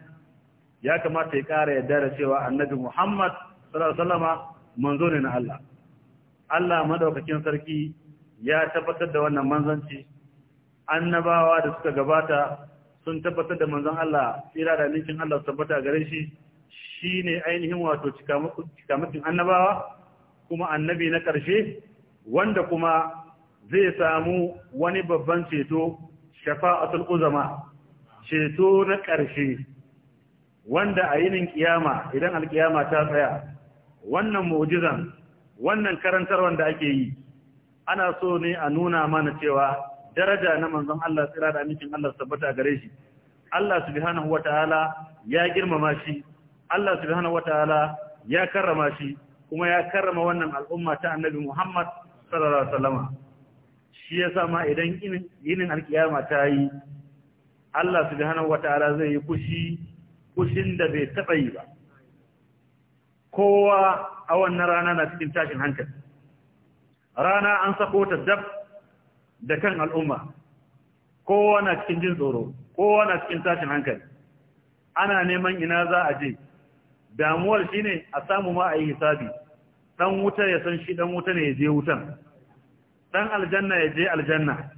ya kamata ya ƙara yadda da cewa annabi muhammad sallama manzo ne na Allah Allah madaukakin sarki ya tabbatar da wannan manzanci annabawa da suka gabata sun tabbatar da manzon Allah tsira da ninkin Allah tabbata gare shi shi ne ainihin wato cikamakin annabawa kuma annabi na ƙarshe wanda kuma zai samu wani babban ceto shafa'atul uzama ceto na ƙarshe wanda a yinin ƙiyama idan alkiyama ta tsaya wannan mu'jizan wannan karantar wanda ake yi ana so ne a nuna mana cewa daraja na manzon Allah tsira da amincin Allah tabbata gare shi Allah subhanahu wataala ya girmama shi Allah subhanahu wataala ya karrama shi kuma ya karrama wannan al'umma ta annabi Muhammad sallallahu alaihi wasallam shi yasa ma idan yinin alkiyama ta yi Allah subhanahu wataala zai yi kushi kushin da bai taba yi ba kowa a wannan rana na cikin tashin hankali rana an sako ta dab da kan al'umma kowa na cikin jin tsoro kowa na cikin tashin hankali ana neman ina za a je damuwar shine a samu ma hisabi dan wuta ya san shi dan wuta ne ya je wutan Ɗan aljanna ya je aljanna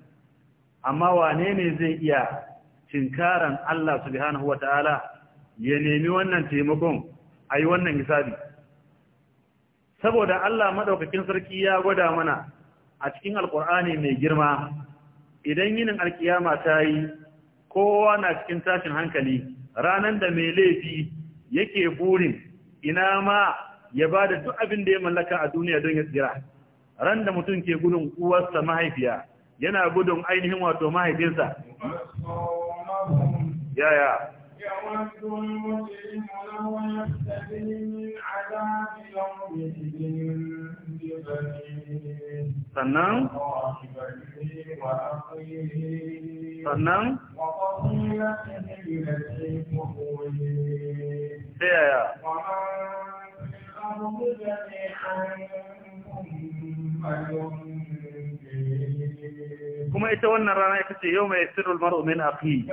amma wane ne zai iya cinkaran Allah subhanahu ta'ala ya nemi wannan taimakon a yi wannan hisabi saboda Allah madaukakin sarki ya gwada mana a cikin alkur'ani mai girma idan yinin alkiyama ta yi kowa na cikin tashin hankali ranar da mai laifi yake burin ina ma ya ba da duk abin da ya mallaka a duniya don ya tsira ran da mutum ke gudun uwarsa mahaifiya yana gudun ainihin wato mahaifinsa yaya يود المجرم لو يفتدي من عذاب يومئذ ببنيه sannan sannan sai yaya ومن في الأرض جميعا ثم يوم kuma ita wannan rana ita ce yau mai sirrul mar'u min aqi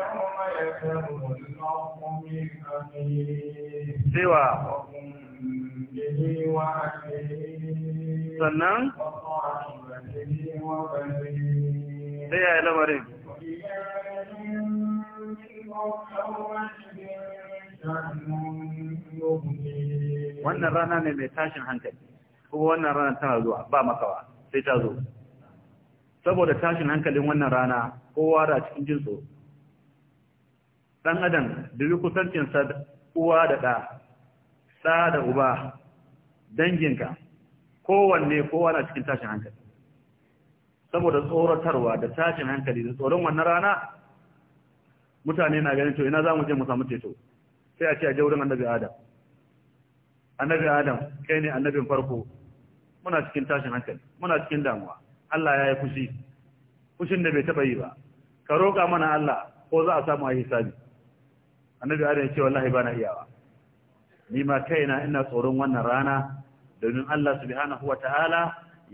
sewa sannan sai ya yi lamarin wannan rana ne mai tashin hankali kuma wannan rana tana zuwa ba makawa sai ta zuwa saboda tashin hankalin wannan rana kowa da cikin jin ɗan dan adam dubi kusancinsa uwa da ɗa ɗa da uba danginka kowanne kowa na cikin tashin hankali saboda tsoratarwa da tashin hankali da tsoron wannan rana mutane na ganin to ina za mu je mu samu ceto sai a ce a je wurin annabi adam annabi adam kai ne annabin farko muna cikin tashin hankali muna cikin damuwa Allah ya yi fushi fushin da bai taɓa yi ba ka roƙa mana Allah ko za a samu a hisabi annabi adam ya ce wallahi na iyawa ni ma kaina ina tsoron wannan rana domin Allah subhanahu ta'ala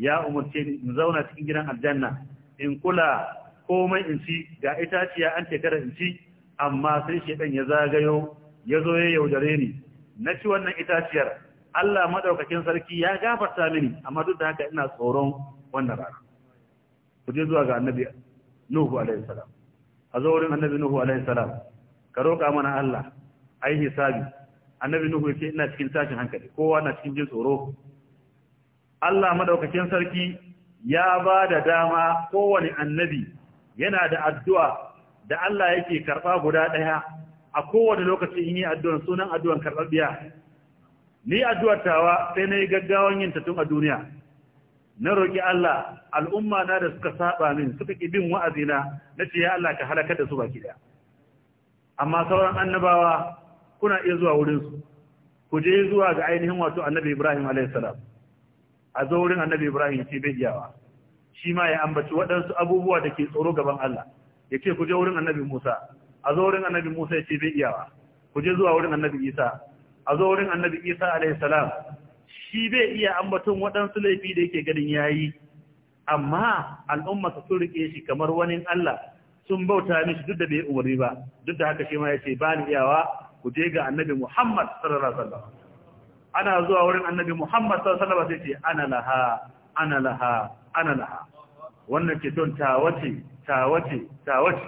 ya umarce ni in zauna cikin gidan aljanna in kula komai in ci ga itaciya an ce in ci amma sai shekan ya zagayo ya zo ya yaudare ni na ci wannan itaciyar Allah maɗaukakin sarki ya gafarta mini amma duk da haka ina tsoron wannan rana ku je zuwa ga annabi nuhu alaihi salam a zo wurin annabi nuhu alaihi salam ka roƙa mana Allah ai hisabi annabi nuhu ya ce ina cikin tashin hankali kowa na cikin jin tsoro Allah madaukakin sarki ya ba da dama kowane annabi yana da addu'a da Allah yake karɓa guda ɗaya a kowane lokaci in yi addu'a sunan addu'an karɓar biya ni addu'ar tawa sai na yi gaggawan yin ta tun a duniya na roƙi Allah al'umma na da suka saba min suka ƙi bin wa'azina na ce ya Allah ka halakar da su baki daya amma sauran annabawa kuna iya zuwa wurinsu ku je zuwa ga ainihin wato annabi Ibrahim salam a zo wurin annabi Ibrahim ce bai iyawa shi ma ya ambaci waɗansu abubuwa da ke tsoro gaban Allah ya ce ku je wurin annabi Musa a zo wurin annabi Musa ya ce bai iyawa ku je zuwa wurin annabi Isa a zo wurin annabi Isa salam shi bai iya ambaton waɗansu laifi da yake ganin ya yi. amma al'umma al'ummarsa sun riƙe shi kamar wani Allah sun bauta mishi duk da bai umarni ba duk da haka shi ma yace ba ni iyawa ku je ga annabi Muhammad sallallahu alaihi wasallam ana zuwa wurin annabi Muhammad sallallahu alaihi wasallam sai ce ana laha ana laha ana laha wannan ke don tawace tawace tawace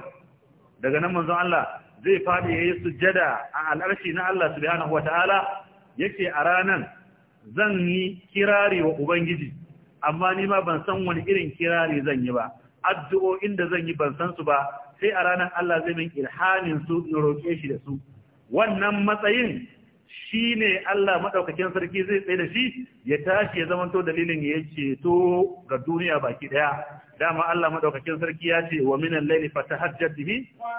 daga nan manzon Allah zai faɗi ya yi sujjada a al'arshi na Allah subhanahu wataala yake a ranan zan yi kirari wa ubangiji amma ni ma ban san wani irin kirari zan yi ba Addu'o inda zan yi ban san su ba sai a ranar Allah zai min ilhanin su in roƙe shi da su wannan matsayin shi ne Allah maɗaukakin sarki zai tsaye da shi ya tashi ya zamanto dalilin ya ceto ga duniya baki ɗaya dama Allah maɗaukakin sarki ya ce wa minan laili fatahajjat bihi wa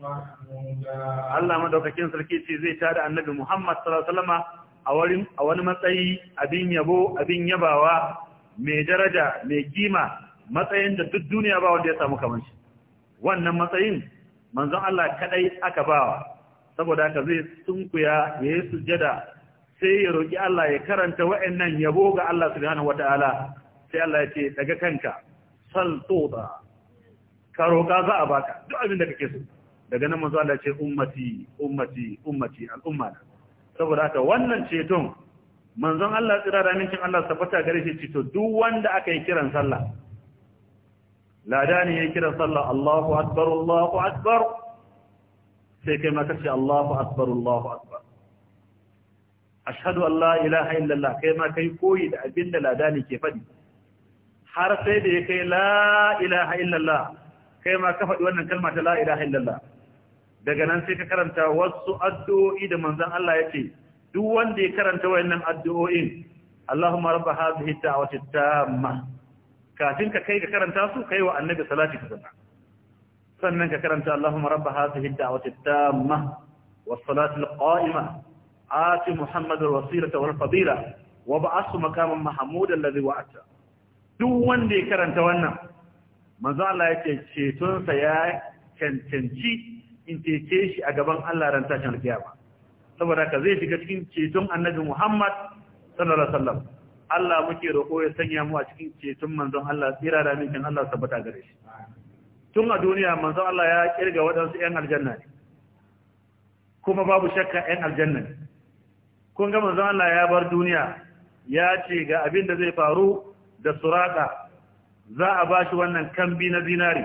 Allah madaukakin sarki ce zai tada annabi Muhammad sallallahu alaihi wasallam a wani matsayi abin yabo abin yabawa mai daraja mai kima matsayin da duk duniya ba wanda ya samu kamar shi wannan matsayin manzon Allah kadai aka bawa saboda haka zai tunkuya ya yi sujjada sai ya roki Allah ya karanta wa'annan yabo ga Allah subhanahu wataala sai Allah ya ce daga kanka sal tuda ka roka za a baka duk abin da kake so daga nan manzo Allah ce ummati ummati ummati al'umma saboda haka wannan ceton manzon Allah tsira da minkin Allah tabbata gare shi ceto duk wanda aka yi kiran sallah ladani ya kiran sallah Allahu akbar Allahu akbar sai kai ma kace Allahu akbar Allahu akbar ashhadu an la ilaha illallah kai ma kai koyi da abinda ladani ke fadi har sai da ya kai la ilaha illallah kai ma ka faɗi wannan kalma ta la ilaha illallah daga nan sai ka karanta wasu addu'o'i da manzan Allah ya ce. duk wanda ya karanta wayannan addu'o'in Allahumma rabb hadhihi da'wati tamma kafin ka kai ka karanta su kai wa annabi salati ta zama sannan ka karanta Allahumma rabb hadhihi da'wati tamma was salati al-qa'ima ati muhammadar wasilata wal fadila wa su ba'athu maqaman mahmud alladhi wa'ata duk wanda ya karanta wannan manzo Allah ya ce cetonsa ya cancanci in cece shi a gaban Allah ran tashin alkiyama saboda ka zai shiga cikin ceton annabi Muhammad sallallahu alaihi wasallam Allah muke roƙo ya sanya mu a cikin ceton manzon Allah tsira da minkin Allah tabbata gare shi tun a duniya manzon Allah ya kirga waɗansu ƴan aljanna ne kuma babu shakka ƴan aljanna ne kun ga manzon Allah ya bar duniya ya ce ga abin da zai faru da suraka za a bashi wannan kambi na zinari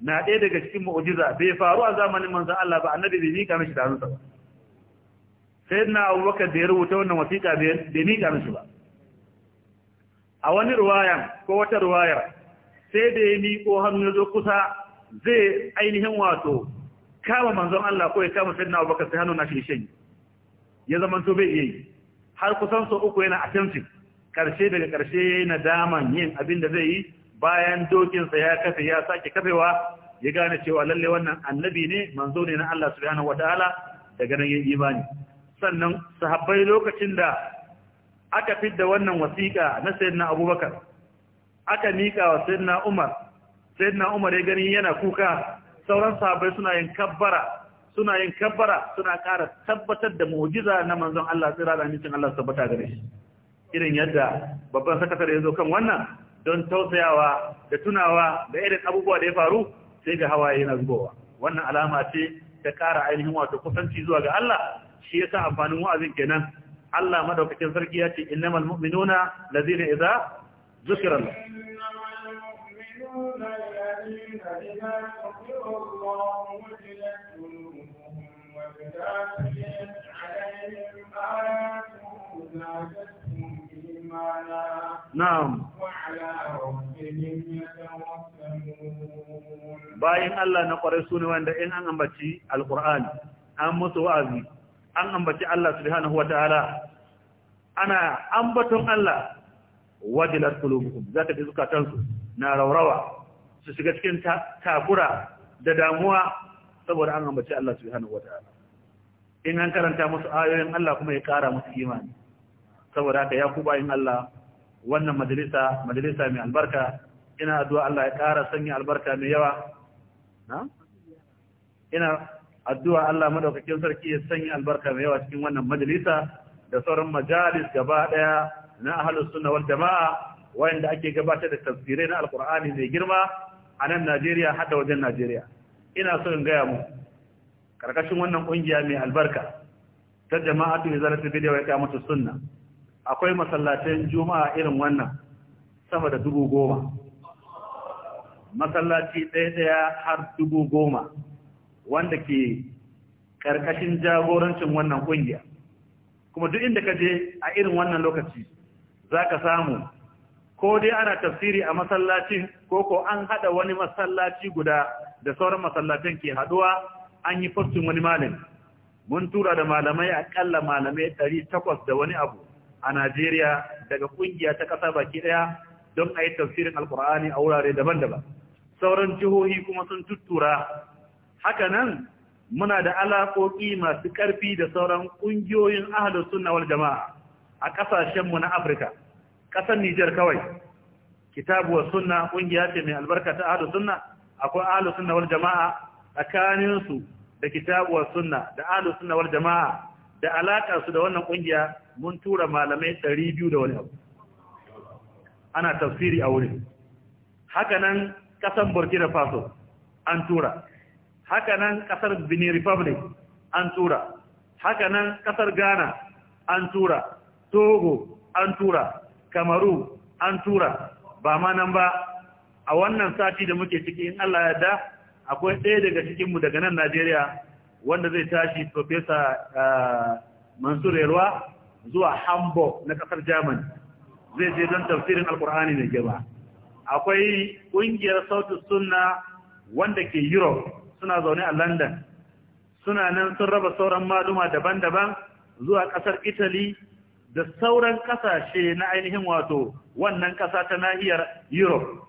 na ɗaya daga cikin mu'ujiza. bai faru a zamanin manzan Allah ba annabi bai mika mishi da hannunsa ba Sai sayyidina Abubakar da ya rubuta wannan wasiƙa bai mika mishi ba a wani ruwayan ko wata ruwayar sai da ya miƙo hannu ya zo kusa zai ainihin wato kama manzon Allah ko ya kama sayyidina Abubakar sai hannu na shi shanyi ya zama to bai iya yi har kusan sau uku yana a attempting karshe daga karshe yayi nadaman yin abin da zai yi bayan dokinsa ya kafe ya sake kafewa ya gane cewa lalle wannan annabi ne manzo ne na Allah subhanahu wataala daga nan imani sannan sahabbai lokacin da aka fidda wannan wasiƙa na sayyidina Abubakar aka mika wa sayyidina Umar sayyidina Umar ya gani yana kuka sauran sahabbai suna yin kabbara suna yin kabbara suna ƙara tabbatar da mu'jiza na manzon Allah tsira da amincin Allah tabbata gare shi irin yadda babban sakatare ya zo kan wannan don tausayawa da tunawa da irin abubuwa da ya faru sai ga hawaye yana zubowa wannan alama ce ta ƙara ainihin wato kusanci zuwa ga Allah shi yasa amfanin wa'azin kenan Allah madaukakin sarki ya ce innamal mu'minuna ladina idza zukira Allah Thank you. إيمانا نعم وعلى ربهم يتوكلون باين الله نقرأ سوني وعند إن أنبتي القرآن أمس وعزي an ambaci Allah subhanahu wataala ana ambaton Allah wajilat qulubuhum zaka ji zukatansu na raurawa su shiga cikin takura da damuwa saboda an ambaci Allah subhanahu wataala in an karanta musu ayoyin Allah kuma ya ƙara musu imani saboda haka ya kuba in Allah wannan majalisa majalisa mai albarka ina addu'a Allah ya ƙara sanya albarka mai yawa na ina addu'a Allah madaukakin sarki ya sanya albarka mai yawa cikin wannan majalisa da sauran majalis gaba daya na ahlus sunna wal jamaa wanda ake gabatar da tafsirai na alqur'ani mai girma a nan Najeriya har da wajen Najeriya ina so in gaya mu karkashin wannan kungiya mai albarka ta jama'atu izalatu bid'a wa kamata sunna akwai masallacin juma'a irin wannan sama da dubu goma masallaci ɗaya-ɗaya har dubu goma wanda ke ƙarƙashin jagorancin wannan ƙungiya kuma duk inda ka je a irin wannan lokaci za ka samu ko dai ana tafsiri a masallacin ko ko an haɗa wani masallaci guda da sauran masallacin ke haɗuwa an yi fastin wani malami mun tura da malamai aƙalla malamai ɗari takwas da wani abu a Najeriya daga kungiya ta ƙasa baki ɗaya don a yi tafsirin alkur'ani a wurare daban-daban sauran jihohi kuma sun tuttura haka nan muna da alaƙoƙi masu ƙarfi da sauran ƙungiyoyin ahalus sunna wal jama'a a ƙasashenmu na Afirka ƙasar Nijar kawai kitabuwar sunna ƙungiya ce mai albarka ta ahalus sunna akwai ahalus sunna wal jama'a tsakaninsu da kitabuwar sunna da ahalus sunna wal jama'a da alaƙa su da wannan ƙungiya mun tura malamai 200 da wani abu ana tafsiri a wurin Hakanan nan ƙasar burkina faso an tura haka nan ƙasar benin republic an tura haka ƙasar ghana an tura togo an tura kamaru an tura ba ma nan ba a wannan sati da muke ciki in allah ya akwai ɗaya daga cikinmu daga nan najeriya wanda zai tashi profesa eh, mansur yarwa zuwa hamburg na kasar germany zai je don tafsirin alkur'ani mai gaba akwai ƙungiyar sautin sunna wanda ke europe suna zaune a london suna nan sun raba sauran maluma daban-daban zuwa kasar italy da sauran kasashe na ainihin wato wannan kasa ta nahiyar europe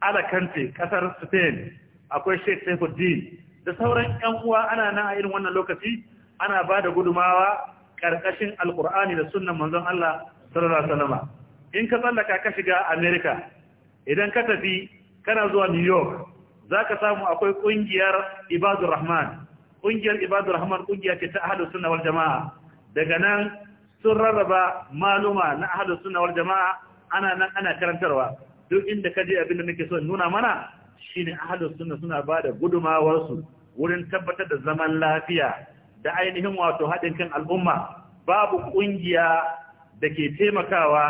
alakante kasar spain akwai sheikh saifuddin da sauran ƴan uwa ana nan a irin wannan lokaci ana ba da gudumawa ƙarƙashin alƙur'ani da sunnan manzon Allah sallallahu alaihi in ka tsallaka ka shiga America idan ka tafi kana zuwa New York zaka samu akwai kungiyar Ibadur Rahman kungiyar Ibadur Rahman kungiya ce ta Ahlus Sunna wal Jamaa daga nan sun rarraba maluma na Ahlus Sunna wal Jamaa ana nan ana karantarwa duk inda ka je abin da nake so nuna mana shine ahlus sunna suna bada gudumawar su wurin tabbatar da zaman lafiya da ainihin wato haɗin kan al'umma babu ƙungiya dake taimakawa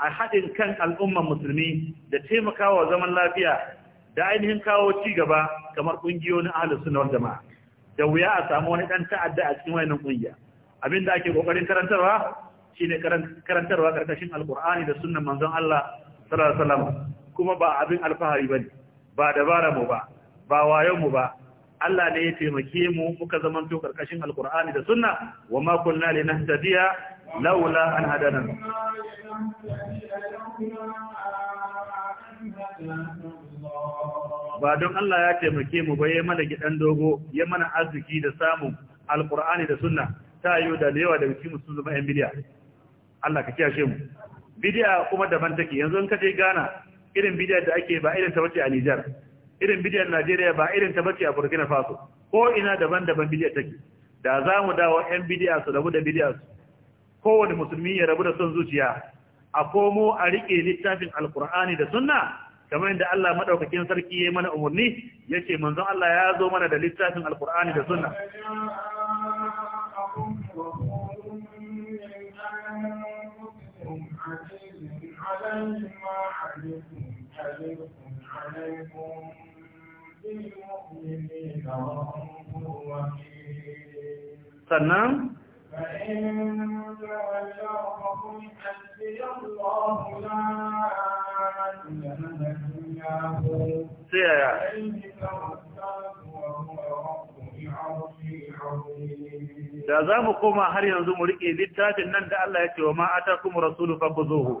a haɗin kan al'umman musulmi da taimakawa zaman lafiya da ainihin kawo ci gaba kamar ƙungiyoyin ahalus sunna wal jama'a da wuya a samu wani dan ta'adda a cikin wayannan ƙungiya da ake kokarin karantarwa shine karantarwa karkashin alqur'ani da sunnan manzon Allah sallallahu alaihi wasallam kuma ba abin alfahari bane ba dabara mu ba ba wayon mu ba Allah ne ya taimake mu muka zaman to karkashin alkur'ani da sunna wa ma kunna linahtadiya laula an hadana ba don Allah ya taimake mu ba ya mana gidan dogo ya mana arziki da samun alkur'ani da sunna ta yi da lewa da wuce su zuma yan bidiya Allah ka kiyashe mu bidiya kuma daban take yanzu in ka je Ghana irin bidiyar da ake ba irin ta bace a Nijar irin bidiyar Najeriya ba irin ta bace a Burkina Faso ko ina daban-daban bidiyar take da za mu dawo 'yan bidiya su rabu da bidiyar su kowane musulmi ya rabu da son zuciya a komo a riƙe littafin alkur'ani da sunna kamar yadda Allah maɗaukakin sarki yi mana umurni yace manzon Allah ya zo mana da littafin alkur'ani da sunna Thank you. sannan da za mu koma har yanzu mu riƙe littafin nan da Allah ya ce wa ma'atakum rasulu fa kuzuhu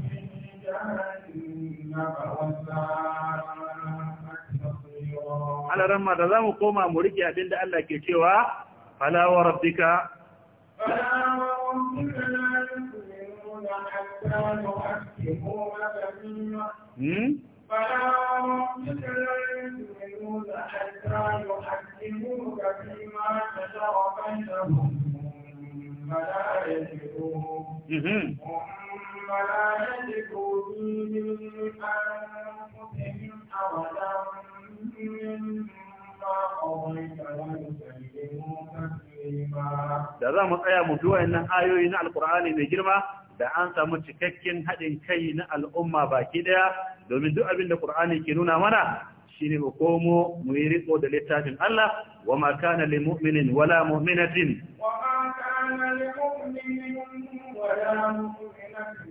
alaran ma da za mu koma mu rike abin da Allah ke cewa falawa rabbika Mm-hmm. da za mu tsaya mu duwa nan ayoyi na alkur'ani mai girma da an samu cikakken haɗin kai na al'umma baki ɗaya domin duk abin da ƙur'ani ke nuna mana shine mu komo mu yi riko da littafin Allah wa ma kana mu'minin wala mu'minatin wa ma kana wala mu'minatin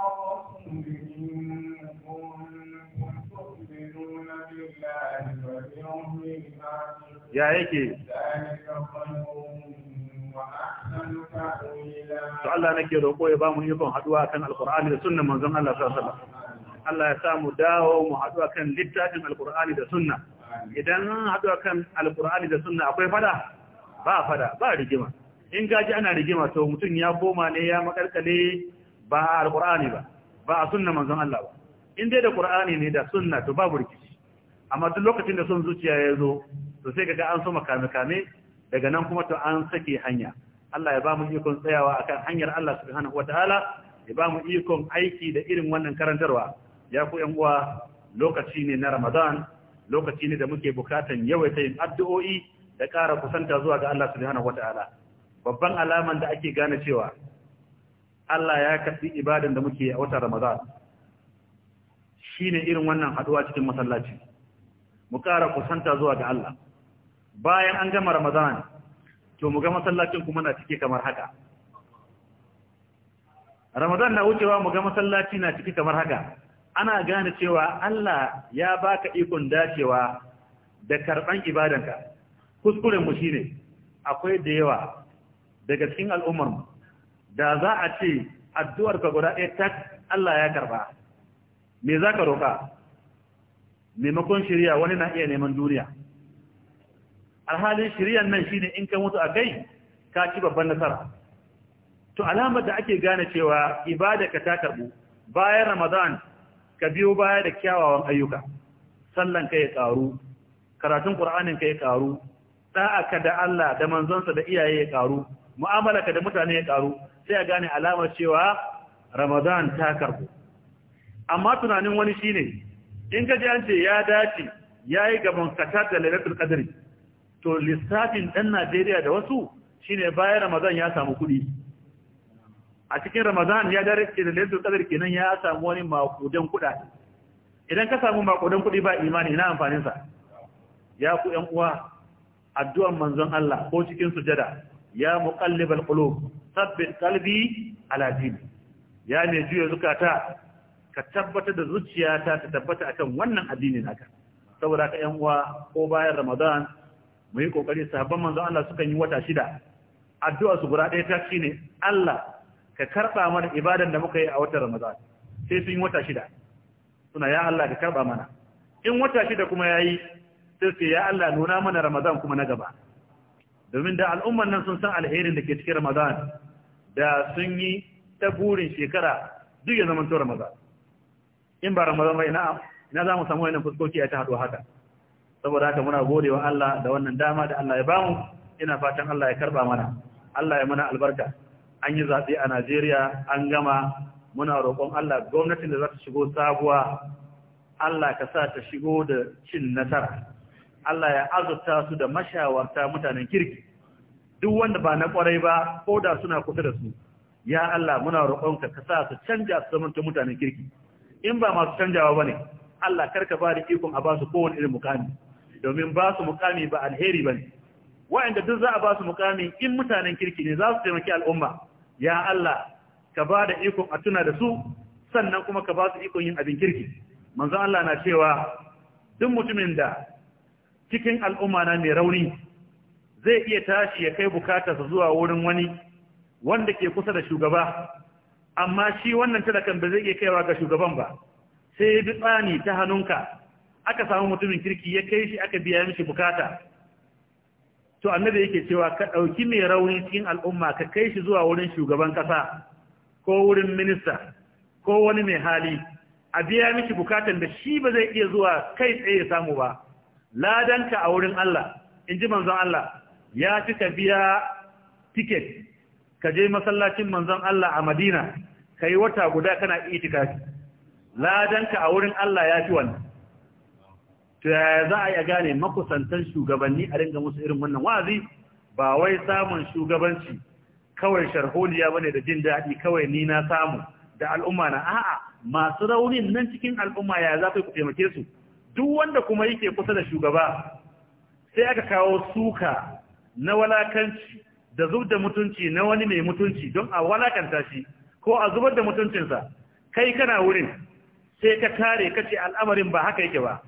ya yake to Allah nake roƙo ya ba mu ikon haduwa kan alqur'ani da sunnan manzon Allah sallallahu alaihi wasallam Allah ya samu dawo mu haduwa kan littafin alqur'ani da sunna idan haduwa kan alqur'ani da sunna akwai fada ba fada ba rigima in gaji ana rigima to mutum ya koma ne ya makalkale ba alqur'ani ba ba a sunna manzon Allah ba in dai da qur'ani ne da sunna to babu rikici amma duk lokacin da son zuciya ya zo to sai kaga an so kame kame daga nan kuma to an sake hanya Allah ya ba mu ikon tsayawa akan hanyar Allah subhanahu wataala ya ba mu ikon aiki da irin wannan karantarwa ya ku yan uwa lokaci ne na Ramadan lokaci ne da muke bukatan yawaita yin addu'o'i da ƙara kusanta zuwa ga Allah subhanahu wataala babban alaman da ake gane cewa Allah ya karbi ibadan da muke a watan Ramadan shine irin wannan haduwa cikin masallaci mu ƙara kusanta zuwa ga Allah bayan an gama ramadan to mu ga masallacin kuma na cike kamar haka ramadan na wucewa mu ga masallaci na cike kamar haka ana gane cewa Allah ya baka ikon dacewa da karban ibadanka kuskuren mu shine akwai da yawa daga cikin al'ummar da za a ce addu'ar ka guda ɗaya tak Allah ya karba me zaka roka maimakon shirya wani na iya neman duniya alhalin shiryan nan shine in ka mutu a gai ka ci babban nasara to alamar da ake gane cewa ibada ka ta karbu bayan ramadan ka biyo baya da kyawawan ayyuka sallan ka ya karu karatun qur'anin ka ya karu da'a ka da Allah da manzonsa da iyaye ya karu mu'amala ka da mutane ya karu sai a gane alamar cewa ramadan ta karbu amma tunanin wani shine in ka ji an ce ya dace yayi gaban katar da lailatul qadri to lissafin ɗan Najeriya da wasu shine bayan Ramazan ya samu kuɗi a cikin Ramazan ya dare ce da lailatul ƙadar kenan ya samu wani makudan kuɗa idan ka samu makudan kuɗi ba imani na amfanin sa ya ku ƴan uwa addu'an manzon Allah ko cikin sujada ya muqallibal qulub sabbit qalbi ala din ya ne juya zukata ka tabbata da zuciyata ta tabbata akan wannan addini naka saboda ka ƴan uwa ko bayan Ramadan mu yi kokari sahabban manzo Allah suka yi wata shida addu'a su guda ɗaya ta ne Allah ka karba mana ibadan da muka yi a watan Ramadan sai sun yi wata shida suna ya Allah ka karba mana in wata shida kuma yayi sai sai ya Allah nuna mana Ramadan kuma na gaba domin da al'umman nan sun san alherin da ke cikin Ramadan da sun yi ta burin shekara duk ya zama to Ramadan in ba Ramadan ba ina ina za mu samu wannan fuskoki a ta haɗu haka saboda haka muna godewa Allah da wannan dama da Allah ya bamu ina fatan Allah ya karba mana Allah ya mana albarka an yi zaɓe a Najeriya an gama muna roƙon Allah gwamnatin da za ta shigo sabuwa Allah ka sa ta shigo da cin nasara Allah ya azurta su da mashawarta mutanen kirki duk wanda ba na kwarai ba ko da suna kusa da su ya Allah muna roƙonka ka sa su canja su ta mutanen kirki in ba masu canjawa ne. Allah karka ba da ikon a ba su kowane irin mukami domin ba su mukami ba alheri ba ne wa'anda duk za a ba su mukami in mutanen kirki ne za su taimaki al'umma ya Allah ka ba da ikon a tuna da su sannan kuma ka ba su ikon yin abin kirki manzo Allah na cewa duk mutumin da cikin al'umma na mai rauni zai iya tashi ya kai bukatarsa zuwa wurin wani wanda ke kusa da shugaba amma shi wannan talakan ba zai iya kaiwa ga shugaban ba sai bi tsani ta hannunka aka samu mutumin kirki ya kai shi aka biya mishi bukata to annabi yake cewa ka ɗauki mai rauni cikin al'umma ka kai shi zuwa wurin shugaban ƙasa ko wurin minista ko wani mai hali a biya mishi bukatan da shi ba zai iya zuwa kai tsaye ya samu ba ladanka a wurin Allah in ji manzon Allah ya fi ka biya tiket ka je masallacin manzon Allah a Madina ka wata guda kana itikafi ladanka a wurin Allah ya fi wannan to yaya za a yi gane makusantan shugabanni a ringa musu irin wannan wazi ba wai samun shugabanci kawai sharholiya bane da jin daɗi kawai ni na samu da al'umma na a'a masu raunin nan cikin al'umma ya za ku taimake su duk wanda kuma yake kusa da shugaba sai aka kawo suka na walakanci da zub da mutunci na wani mai mutunci don a walakanta shi ko a zubar da mutuncinsa kai kana wurin sai ka tare ka ce al'amarin ba haka yake ba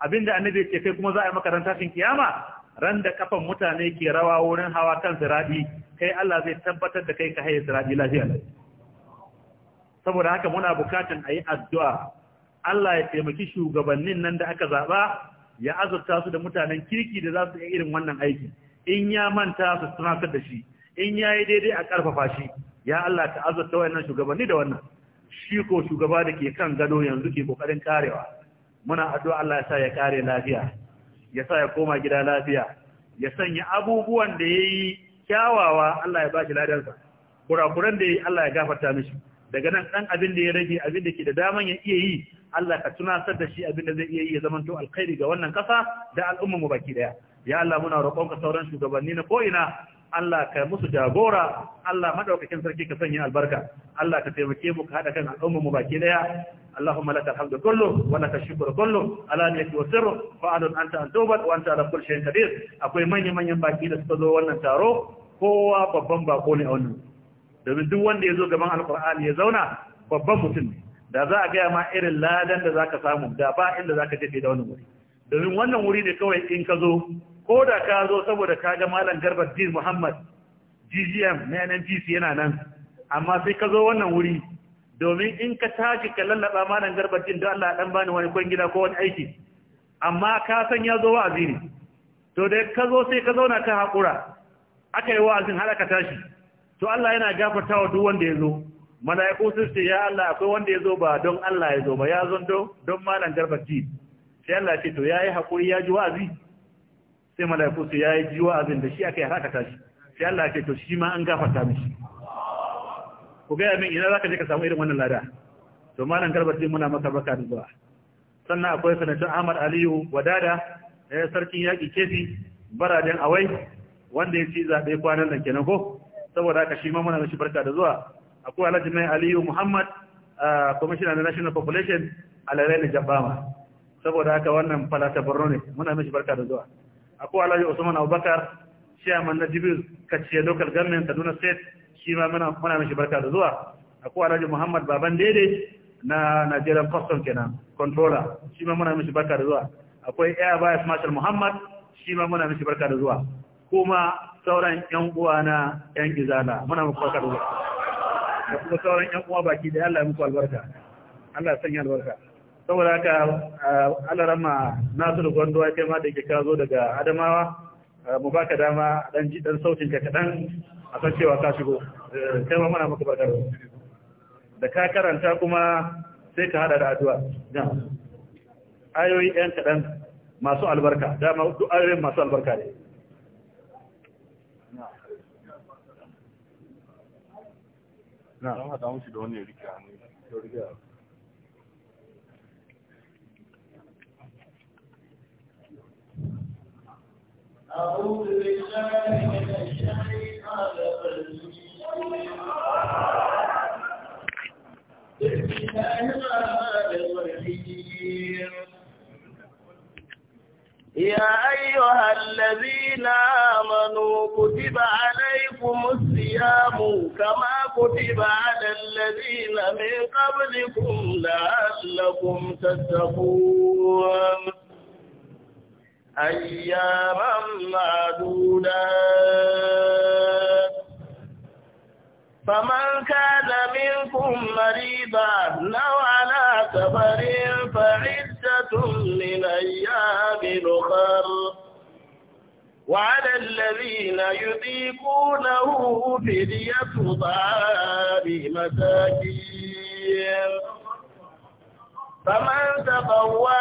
abinda annabi ce kai kuma za a yi maka ran kiyama ran da kafan mutane ke rawa wurin hawa kan sirabi kai Allah zai tabbatar da kai ka haye sirabi lafiya saboda haka muna bukatan a yi addu'a Allah ya taimaki shugabannin nan da aka zaba ya azurta su da mutanen kirki da za su yi irin wannan aiki in ya manta su tunatar da shi in ya yi daidai a ƙarfafa shi ya Allah ta azurta wayannan shugabanni da wannan shi ko shugaba da ke kan gado yanzu ke ƙoƙarin karewa muna addu'a Allah ya sa ya kare lafiya ya sa ya koma gida lafiya ya sanya abubuwan da yayi kyawawa Allah ya ba shi kurakuran da yayi Allah ya gafarta mishi daga nan dan abin da ya rage abin da ke da daman ya iya yi Allah ka tunasar da shi abin da zai iya yi ya zamanto alkhairi ga wannan kasa da al'ummar mu baki daya ya Allah muna roƙonka sauran shugabanni na ko ina. Allah ka musu jagora Allah madaukakin sarki ka sanya albarka Allah ka taimake mu ka hada kan al'ummar mu baki daya kullu wa الحمد shukru kullu ala كله wa sirru fa alun anta ان Wa anta ala kulli shayin qadir akwai manyan manyan baki da suka zo wannan taro kowa babban bako ne a wannan domin duk wanda ya zo gaban alkur'ani ya zauna babban mutum ne da za a gaya ma irin ladan da zaka samu da ba inda zaka je da wannan wuri domin wannan wuri ne kawai in ka zo ko da ka zo saboda ka ga malam garba din muhammad ggm na nnpc yana nan amma sai ka zo wannan wuri domin in ka tashi ka lallaba malam garba din don allah dan bani wani kwan gida ko wani aiki amma ka san ya zo wa'azi ne to da ka zo sai ka zauna ka haƙura aka yi wa'azin har aka tashi to allah yana gafarta wa duk wanda ya zo mala'iku sun ce ya allah akwai wanda ya zo ba don allah ya zo ba ya zo don malam garba din sai allah ce to ya yi haƙuri ya ji wa'azi sai mala'iku su yayi jiwa abin da shi aka yi harakata shi sai Allah ya ce to shi ma an gafarta mishi ku ga min idan zaka je ka samu irin wannan lada to malam garba sai muna maka barka da zuwa sannan akwai sanata Ahmad Aliyu wadada eh sarkin yaki kefi baraden awai wanda ya ci zabe kwanan nan kenan ko saboda haka shi ma muna mishi barka da zuwa akwai Alhaji Mai Aliyu Muhammad commissioner na National Population Alaraini Jabama saboda haka wannan falata Borno ne muna mishi barka da zuwa akwai alhaji usman abubakar chairman na jibril kaciya local government kaduna state shi ma muna muna mishi barka da zuwa akwai alhaji muhammad baban dede na nigerian custom kenan controller shi ma muna mishi barka da zuwa akwai air vice marshal muhammad shi ma muna mishi barka da zuwa kuma sauran yan uwa na yan gizana muna muku barka da zuwa da kuma sauran yan uwa baki da Allah ya muku albarka Allah ya sanya albarka saboda haka eh, alarama da gwandowa kai ma da ke kazo daga adamawa eh, mu baka dama dan ji dan sautin ka kadan a san cewa ka shigo eh, kai ma muna maka barka da ka karanta kuma sai ka hada da addu'a ayoyi ɗan kaɗan masu albarka dama duk masu albarka ne na'am na'am da wani rike أعوذ بالله من الشيطان الرجيم يا أيها الذين آمنوا كتب عليكم الصيام كما كتب على الذين من قبلكم لعلكم تتقون أياما معدودات فمن كان منكم مريضا أو على سفر فعدة من أيام أخر وعلى الذين يطيقونه فدية طعام مساكين فمن تطوع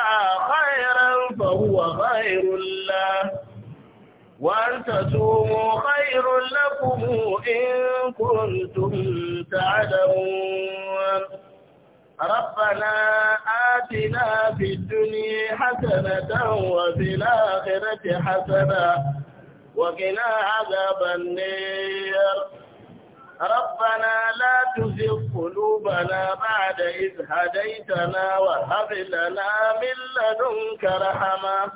خيرا خيرا فهو خير له وأن تصوموا خير لكم إن كنتم تعلمون ربنا آتنا في الدنيا حسنة وفي الآخرة حسنة وقنا عذاب النير ربنا لا تزغ قلوبنا بعد إذ هديتنا وهب لنا من لدنك رحمة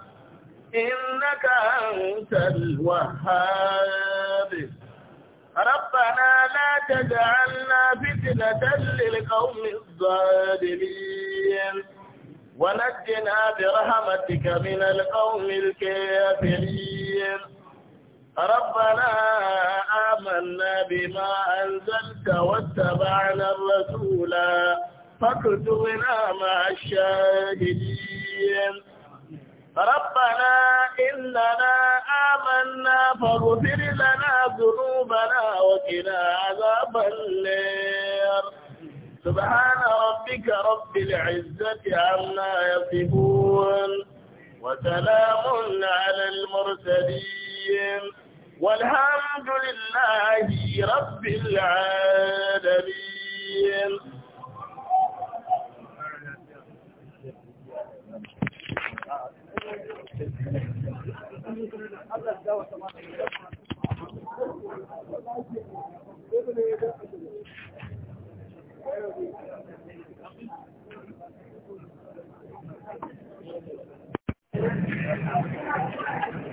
إنك أنت الوهاب ربنا لا تجعلنا فتنة للقوم الظالمين ونجنا برحمتك من القوم الكافرين ربنا آمنا بما أنزلت واتبعنا الرسول فاكتبنا مع الشاهدين ربنا إننا آمنا فاغفر لنا ذنوبنا وقنا عذاب النار سبحان ربك رب العزة عما يصفون وسلام على المرسلين والحمد لله رب العالمين Thank you.